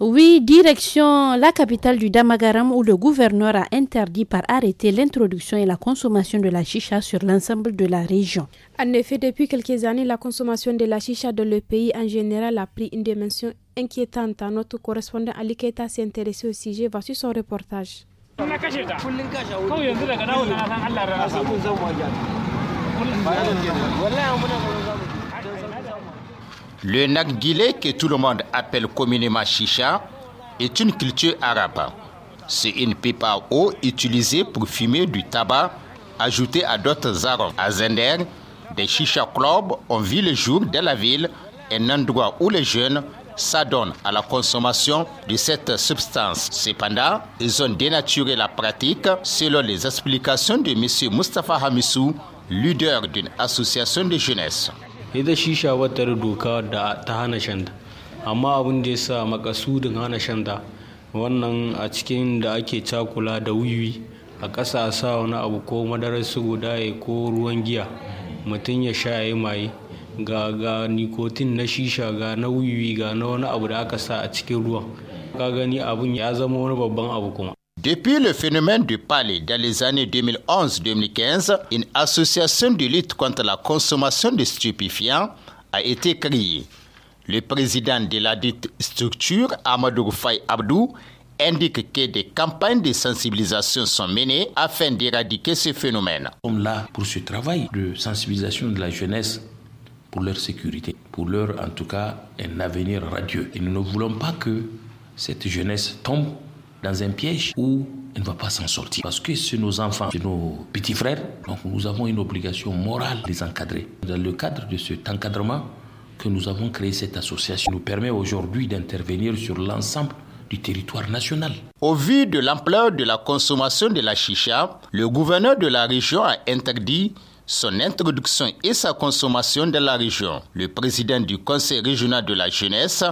Oui, direction la capitale du Damagaram où le gouverneur a interdit par arrêté l'introduction et la consommation de la chicha sur l'ensemble de la région. En effet, depuis quelques années, la consommation de la chicha dans le pays en général a pris une dimension inquiétante. Notre correspondant Ali Keta s'est intéressé au sujet. Voici son reportage. Le narguilé, que tout le monde appelle communément chicha, est une culture arabe. C'est une pipe à eau utilisée pour fumer du tabac ajouté à d'autres arômes. À Zender, des chicha clubs ont vu le jour de la ville, un endroit où les jeunes s'adonnent à la consommation de cette substance. Cependant, ils ont dénaturé la pratique selon les explications de M. Mustafa Hamissou, leader d'une association de jeunesse. ita shisha batar doka da ta hana shanda amma abin da ya sa makasudin hana shanda wannan a cikin da ake cakula da wiwi a ƙasa a sa wani abu ko madarar su guda ya ko ruwan giya mutum ya sha ya maye ga ga nikotin na shisha ga na wuyi ga na wani abu da aka sa a cikin ruwan ka gani abun ya zama wani babban abu kuma Depuis le phénomène du palais dans les années 2011-2015, une association de lutte contre la consommation de stupéfiants a été créée. Le président de la dite structure, Amadou Faye Abdou, indique que des campagnes de sensibilisation sont menées afin d'éradiquer ce phénomène. Nous sommes là pour ce travail de sensibilisation de la jeunesse pour leur sécurité, pour leur en tout cas un avenir radieux. Et nous ne voulons pas que cette jeunesse tombe dans un piège où elle ne va pas s'en sortir. Parce que c'est nos enfants, c'est nos petits frères. Donc nous avons une obligation morale de les encadrer. Dans le cadre de cet encadrement que nous avons créé cette association, nous permet aujourd'hui d'intervenir sur l'ensemble du territoire national. Au vu de l'ampleur de la consommation de la chicha, le gouverneur de la région a interdit son introduction et sa consommation dans la région. Le président du Conseil régional de la jeunesse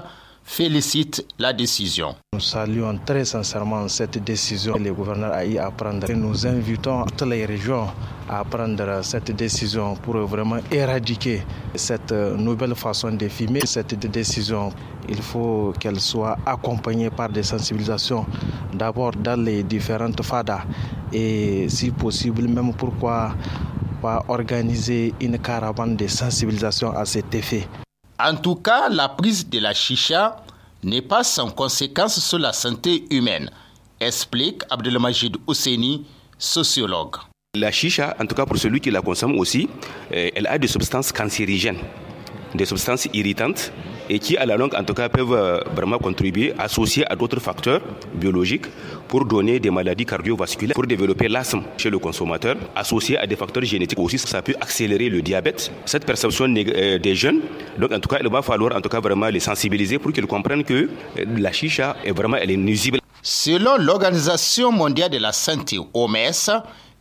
félicite la décision. Nous saluons très sincèrement cette décision que le gouverneur a eu à prendre. Et nous invitons toutes les régions à prendre cette décision pour vraiment éradiquer cette euh, nouvelle façon de filmer. Cette décision, il faut qu'elle soit accompagnée par des sensibilisations, d'abord dans les différentes fadas et si possible même pourquoi pas organiser une caravane de sensibilisation à cet effet. En tout cas, la prise de la chicha n'est pas sans conséquence sur la santé humaine, explique Abdelmajid Ousseni, sociologue. La chicha, en tout cas pour celui qui la consomme aussi, euh, elle a des substances cancérigènes, des substances irritantes et qui, à la longue, en tout cas, peuvent euh, vraiment contribuer, associés à d'autres facteurs biologiques, pour donner des maladies cardiovasculaires, pour développer l'asthme chez le consommateur, associés à des facteurs génétiques aussi, ça peut accélérer le diabète. Cette perception euh, des jeunes, donc en tout cas, il va falloir en tout cas vraiment les sensibiliser pour qu'ils comprennent que euh, la chicha est vraiment elle est nuisible. Selon l'Organisation mondiale de la santé, OMS,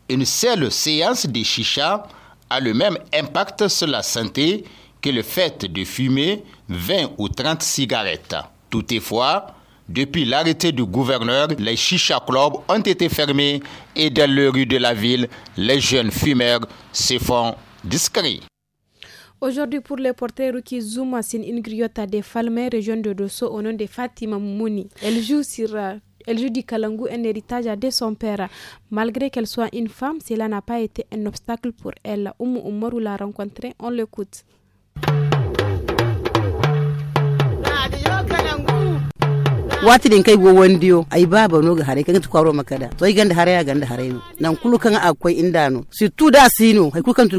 une seule séance de chicha a le même impact sur la santé que le fait de fumer 20 ou 30 cigarettes. Toutefois, depuis l'arrêté du gouverneur, les chicha clubs ont été fermés et dans les rues de la ville, les jeunes fumeurs se font discrets. Aujourd'hui, pour le portrait Ruki Zuma, c'est une griotte des Falmer, région de Dosso, au nom de Fatima Mouni. Elle joue sur euh, elle joue du Kalangu un héritage de son père. Malgré qu'elle soit une femme, cela n'a pas été un obstacle pour elle. Oumu Mourou l'a rencontré, on l'écoute. wati din kai go wandiyo ai baba no ga hare kan tu kwaro makada to ganda hare ya ganda hare no nan kulu kan akwai indano si tu da sino ai kulu kan tu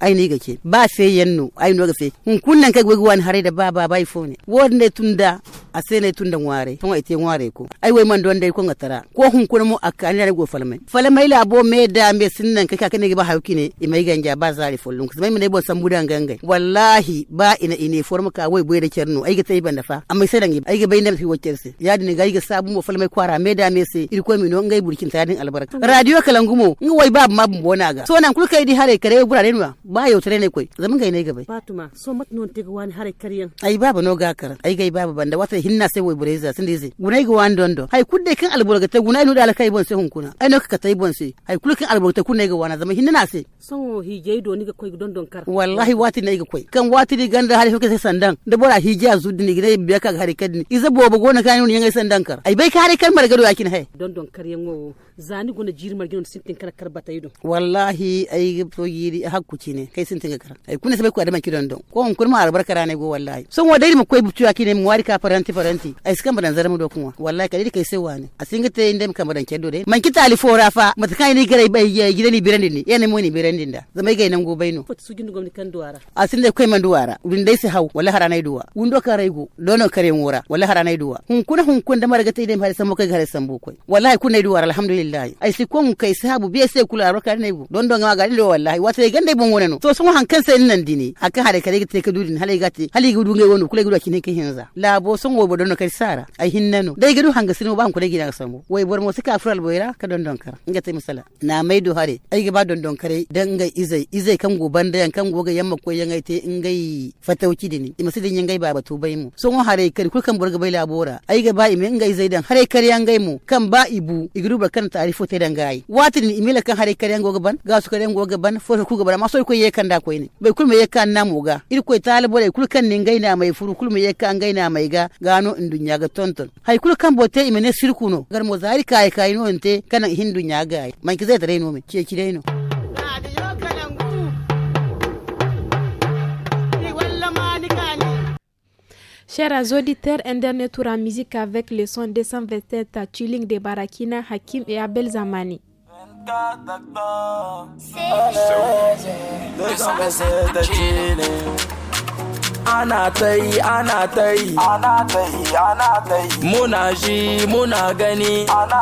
ai ne gake ba fe yanno ai no ga hun kunnan kai gwegu wan hare da ba ba bai fo fone wonde tunda a sai ne tunda ware ton ai te ngware ko ai wai man don dai ko ngatara ko hun kun mu akka ne go falmai falmai la bo me da me sinnan kai ka ne ba hauki ne i mai ganja ba zari follun kuma mai ne bo san budan ganga wallahi ba ina ine forma ka wai boye da kerno ai ga tai banda fa amma sai dan ai ga bayin fi wacce sai ya dinga ga ga sabu mu falmai kwara me da me sai ir ko mi no ngai burkin tadin albaraka radio kalangumo ngai wai ba ma bona ga so nan kulkai di hare kare burare nuwa ba tare ne koi zaman gai ne gabai fatuma so mat non te gwan hare kariyan ai baba no ga kar ai gai baba banda wata hinna sai wai bureza sun dizi gunai ga wani don ai kudde kan alburga ta gunai no da alkai bon sai hunkuna ai no ka tai bon sai ai kulkin alburga ta kunne ga wana zaman hinna na sai son hijai do ni ga koi dondon kar wallahi wati ne ga koi kan wati ni ganda hare fuka sai sandan da bora hijia zuddi ni ginai biya ka hare kadni iza boba gona kanu ni ngai sandan kar ai bai ka hare kan margado yakin hai don kar yan wo zani gona jirmar gina sintin kala karbata yido wallahi ai to yiri hakkuci ne kai sintin kara ai kuna sabai ku adama kidon don ko on kurma albarka rane go wallahi son wadai mu koi butuwa kine mu wari ka faranti faranti ai skan badan zaramu do kuma wallahi kadai kai sai wani a singa te indem kan badan kedo de man kita ali fora fa mata matakai ni garai bai eh, gidan ni birandin ni yana mu ni birandin da zama gai nan gobai no su gindu gomni kan duwara a sinda kai man duwara wurin dai sai hau wallahi haranai duwa wundo ka go dono kare wora wallahi haranai duwa hun kuna hun kun da marga te indem har mu kai har sambo kai wallahi kun kunai duwara alhamdulillah wallahi ay si kon kai sabu be se kula ro kar ne bu don don ga lo wallahi wata ga ne bon wono to sun han sai nan dini aka hare kare ga te dudin halai ga te hale ga dunga wono kula gudu kinin kin hinza la bo sun wo don kai sara ay hinnano dai ga du hanga sinu ba han kula gida samu wai bor mo suka afral boyra ka don don kar inga te misala na mai do hare ay ga ba don don kare dan ga izai izai kan go da yan kan go ga yamma ko yan ai te ingai fatauki dini sai yan gai ba batu bai mu sun hare kare kulkan burga bai labora ai ga ba imi ingai izai dan hare kare yan gai mu kan ba ibu igruba kan ari fo te dangai ni imila kan hare kare go gaban ga su kare go gaban fo ku gaban ma so ko ye kan da ko ne bai kulme ye kan namu ga ir ko talibo dai kul kan ne gaina mai furu kulme ye kan gaina mai ga gano in dunya ga tonton hay kul kan bote imene sirkuno gar mo zari kai kai no ente kana hindu nya ga mai ki zai tare no me ke ki Chers auditeurs, un dernier tour en musique avec le son 227 à Tuling de Barakina, Hakim et Abel Zamani. Ah, ana ta yi ana ta yi ana ta yi ana ta yi muna ji muna gani ana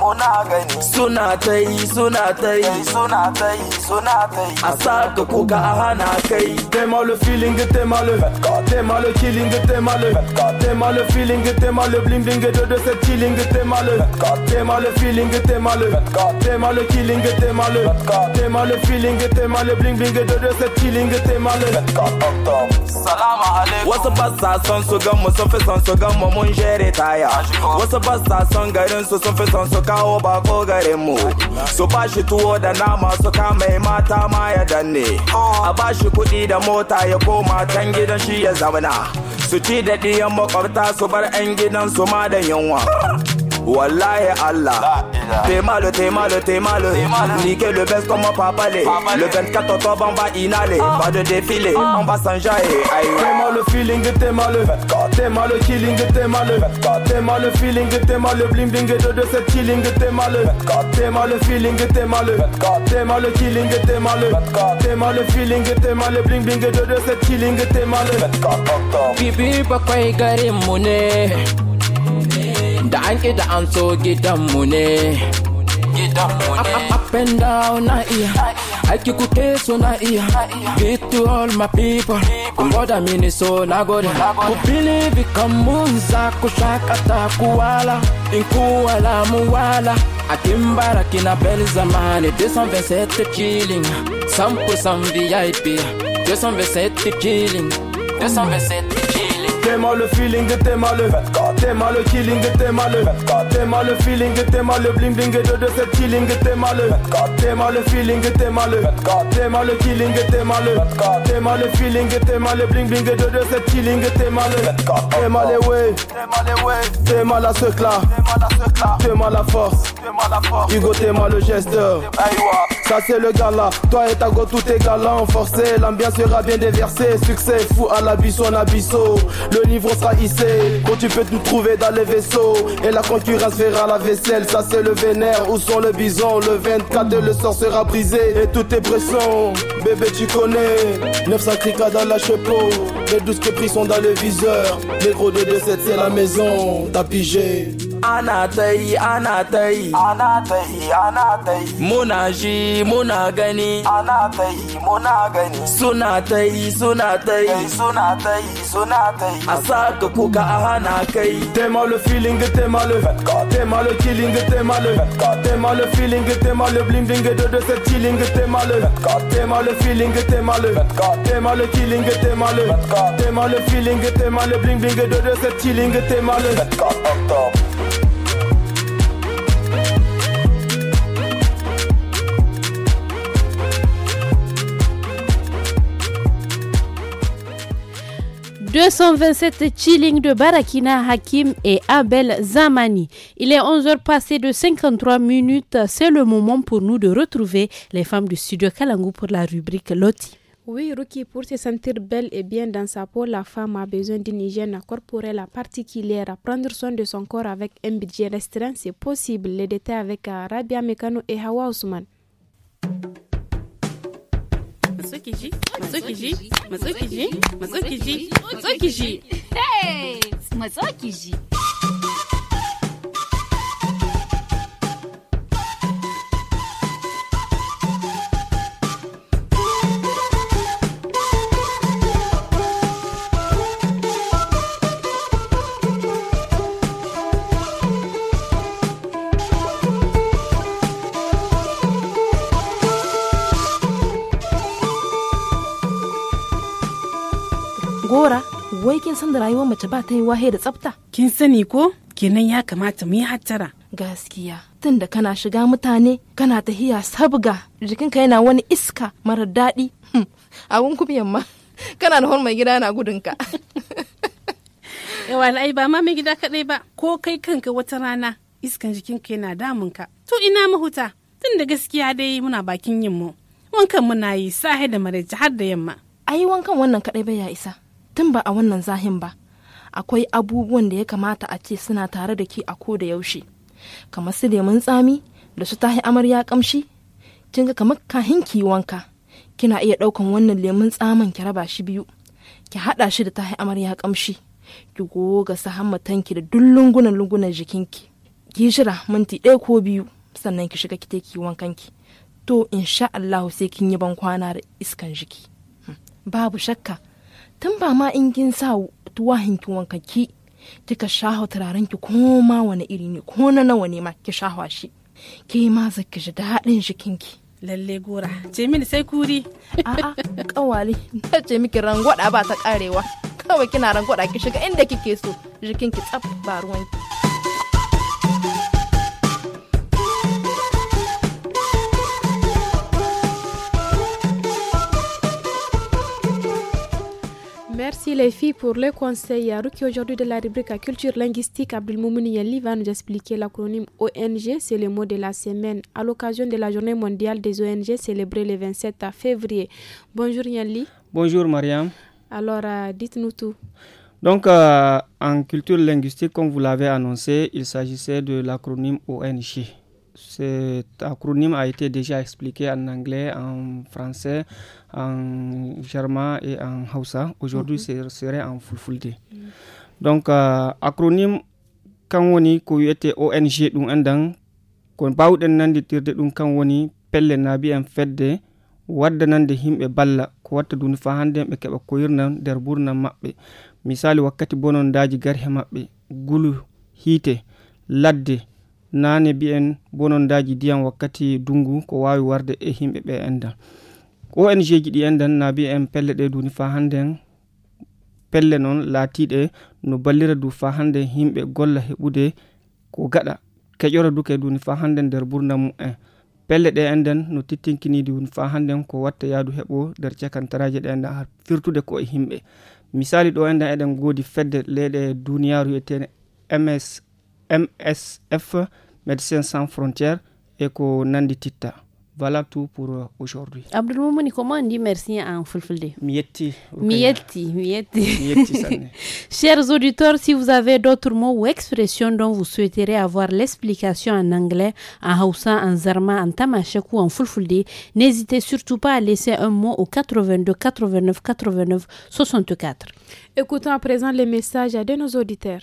muna gani suna ta suna ta suna ta suna ta yi ka kuka hana kai t'es mal feeling t'es mal le mal killing t'es mal le mal feeling t'es mal bling bling de de ce chilling t'es mal le mal feeling t'es mal le mal killing t'es mal le mal feeling t'es mal bling bling de de ce chilling t'es mal tom alaikum wasu ba son su gan sun fi son su gan mun jere taya wasu ba son garin su sun fi son su kawo bako garin mu su ba shi tuwo da nama su kama mata ma ya danne a ba shi kuɗi da mota ya koma can gidan shi ya zamana su ci da ɗiyan makwabta su bar 'yan gidan su ma da yunwa et Allah. T'es mal, t'es mal, t'es mal. Niquer le best comme pas parler. Le 24 octobre, on va inhaler. Pas ah. de défilé, ah. on va s'enjailler. T'es mal le feeling, t'es mal le. T'es mal le killing, t'es mal le. T'es mal le feeling, t'es mal le bling bling de de cette killing, t'es mal le. T'es mal le feeling, t'es mal le. T'es mal le killing, t'es mal le. T'es mal le feeling, t'es mal le bling bling de de cette killing, t'es mal le. Bibi, pourquoi il gagne mon nez? da an get the money. Get the money. Up and down na I keep kuke so na iya Beat to all my people Kun goda mini so na gode Ku believe it mun za ku shakata ku wala In ku wala mu wala A timbara kina bel zamani 227 chilling Sample some VIP 227 chilling 227 T'es mal le feeling de t'es mal le T'es mal le killing de t'es mal le T'es mal le feeling de t'es mal le Bling bling de de cette killing de t'es mal le T'es mal le feeling de t'es mal le T'es mal le killing de t'es mal le T'es mal le feeling de t'es mal le Bling bling de de cette killing de t'es mal le T'es mal les way T'es mal à ce là T'es mal à la force Hugo t'es mal le geste Ça c'est le gala Toi et ta go tout est galant forcé L'ambiance sera bien déversée Succès fou à la bisson à bisso le livre sera hissé, quand tu peux nous trouver dans les vaisseaux. Et la concurrence verra la vaisselle, ça c'est le vénère. Où sont le bison Le 24 le sort sera brisé. Et tout est pressant, bébé tu connais. 900 cricas dans la chapeau. Les douze que pris sont dans le viseur. Les gros de cette c'est la maison. T'as pigé. Anataï, Anataï, Anataï, Anataï. Monaji, Monagani, Anataï, Monagani. Sunataï, Sunataï, Sunataï, Sunataï. Asaka Kuka ahanakei. T'es mal le feeling, t'es mal le T'es mal le killing, t'es mal le T'es mal le feeling, t'es mal le bling de de cette chilling, t'es mal le T'es mal le feeling, t'es mal le T'es mal le killing, t'es mal le feeling, bling de 227 Chilling de Barakina Hakim et Abel Zamani. Il est 11h passé de 53 minutes. C'est le moment pour nous de retrouver les femmes du studio Kalangu pour la rubrique Loti. Oui, Ruki, pour se sentir belle et bien dans sa peau, la femme a besoin d'une hygiène corporelle particulière. Prendre soin de son corps avec un budget restreint, c'est possible. Les détails avec Arabia euh, Mekano et Hawa Ousmane. gora wai kin san da rayuwar mace ba ta yi wahe da tsafta kin sani ko kenan ya kamata mu yi hattara gaskiya tun da kana shiga mutane kana tahiya sabga jikinka yana wani iska mara daɗi hmm, abun kubiyan ma kana da mai gida yana gudunka *laughs* yawa ai ba ma mai gida kaɗai ba ko kai kanka wata rana iskan jikinka yana damunka to ina mahuta tun da gaskiya dai muna bakin yin mu wankan muna yi sahe da maraice har da yamma ai wankan wannan kaɗai ba ya isa tun ba a wannan zahin ba akwai abubuwan da ya kamata a ce suna tare da ki a ko da yaushe kamar su lemun tsami da su tahi amarya kamshi kin ga kamar kahin ki wanka kina iya ɗaukan wannan lemun tsaman ki raba shi biyu ki haɗa shi da tahi amarya kamshi ki goga su hammatanki da duk lungunan lungunan jikinki ki jira minti ɗaya ko biyu sannan ki shiga ki take ki to insha Allah sai kin yi ban kwana da iskan jiki hmm, babu shakka tun ba ma in kin sa tuwahin ki wankaki kika shaho turaren ki ko ma wani iri ne ko na nawa ne ma ki shaho shi ke ma zaki ji daɗin jikin ki lalle gora mini sai kuri a'a kawali na ce miki rangwada ba ta karewa kawai kina rangwada ki shiga inda kike so jikin ki tsaf ba ruwan ki Merci les filles pour le conseil. aujourd'hui de la rubrique culture linguistique, Abdelmoumouni Yali va nous expliquer l'acronyme ONG, c'est le mot de la semaine, à l'occasion de la journée mondiale des ONG célébrée le 27 février. Bonjour Yali. Bonjour Mariam. Alors, euh, dites-nous tout. Donc, euh, en culture linguistique, comme vous l'avez annoncé, il s'agissait de l'acronyme ONG cet acronyme a été déjà expliqué en anglais, en français, en germain et en hausa. Aujourd'hui, mm -hmm. ce serait en fulfulde. Mm -hmm. Donc, uh, acronyme kan woni ko wiyete ong ɗum andan ko bawɗen nanditirde ɗum kan woni pelle naabi en fedde waddanande himbe balla ko watta duni fa hannde ɓe keɓa koyirnam nder burnam maɓɓe misali wakkati gar he mabbe gulu hite ladde nane mbiyen bonondaji ndiyam wakkati dungu ko wawi warde e himɓeɓe endan ong ji ɗi endan na mbi en pelle ɗe duni fa handen pelle noon laatiɗe no ballira du fa hande himɓe golla heɓude ko gaɗa keƴora duke duni fa hande nder burda mu'en pelle ɗe enden no tittinkinidi un fa handen ko watta yahdu heɓo nder cakantaraji ɗeenda ha firtude ko e himɓe misali ɗo enden eɗen goodi fedde leyɗe duniyaru wiyetene ms MSF, Médecins sans frontières, et Nandi tita Voilà tout pour euh, aujourd'hui. Mouni, comment on dit merci en fulfulde Mietti. Mietti, *laughs* Chers auditeurs, si vous avez d'autres mots ou expressions dont vous souhaiterez avoir l'explication en anglais, en haoussa, en zarma, en tamashek ou en fulfulde, n'hésitez surtout pas à laisser un mot au 82 89 89 64. Écoutons à présent les messages de nos auditeurs.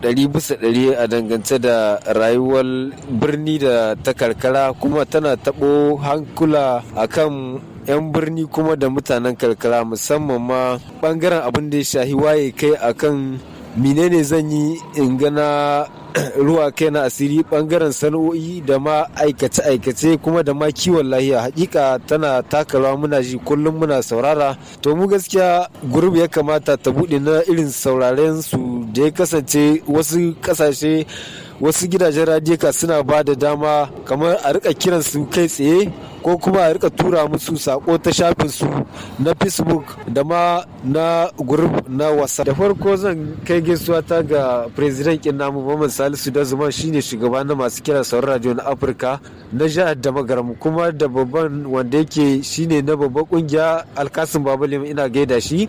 ɗari bisa ɗari a dangance da rayuwar birni da ta karkara kuma tana taɓo hankula akan 'yan birni kuma da mutanen karkara musamman ma bangaren abin da ya shahi waye kai akan menene zan yi in gana *clears throat* ruwa kai na asiri bangaren sana'o'i da ma aikace-aikace kuma da ma kiwon lahiya hakika tana taka rawa muna ji kullum muna saurara to mu gaskiya gurbi ya kamata ta buɗe na irin sauraren su da ya kasance wasu ƙasashe wasu gidajen radika suna ba da dama kamar a rika kiran su kai tsaye ko kuma a rika tura musu sako ta shafin su na facebook da ma na group na whatsapp da farko zan kai gaisuwa ta ga president kin namu Muhammad Salisu da Zuma shine shugaba na masu kiran sauran radio na Afirka na jihar da magaram kuma da babban wanda yake shine na babban kungiya Alkasim Babalima ina gaida shi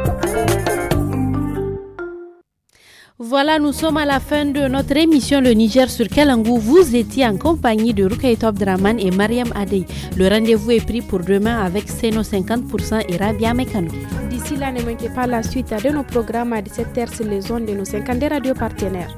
Voilà, nous sommes à la fin de notre émission Le Niger sur Kalangou. Vous étiez en compagnie de Rukai Top Draman et Mariam Adey. Le rendez-vous est pris pour demain avec Seno 50% et Rabia Mekano. D'ici là, ne manquez pas la suite de nos programmes à 17h sur les zones de nos 50 radios partenaires.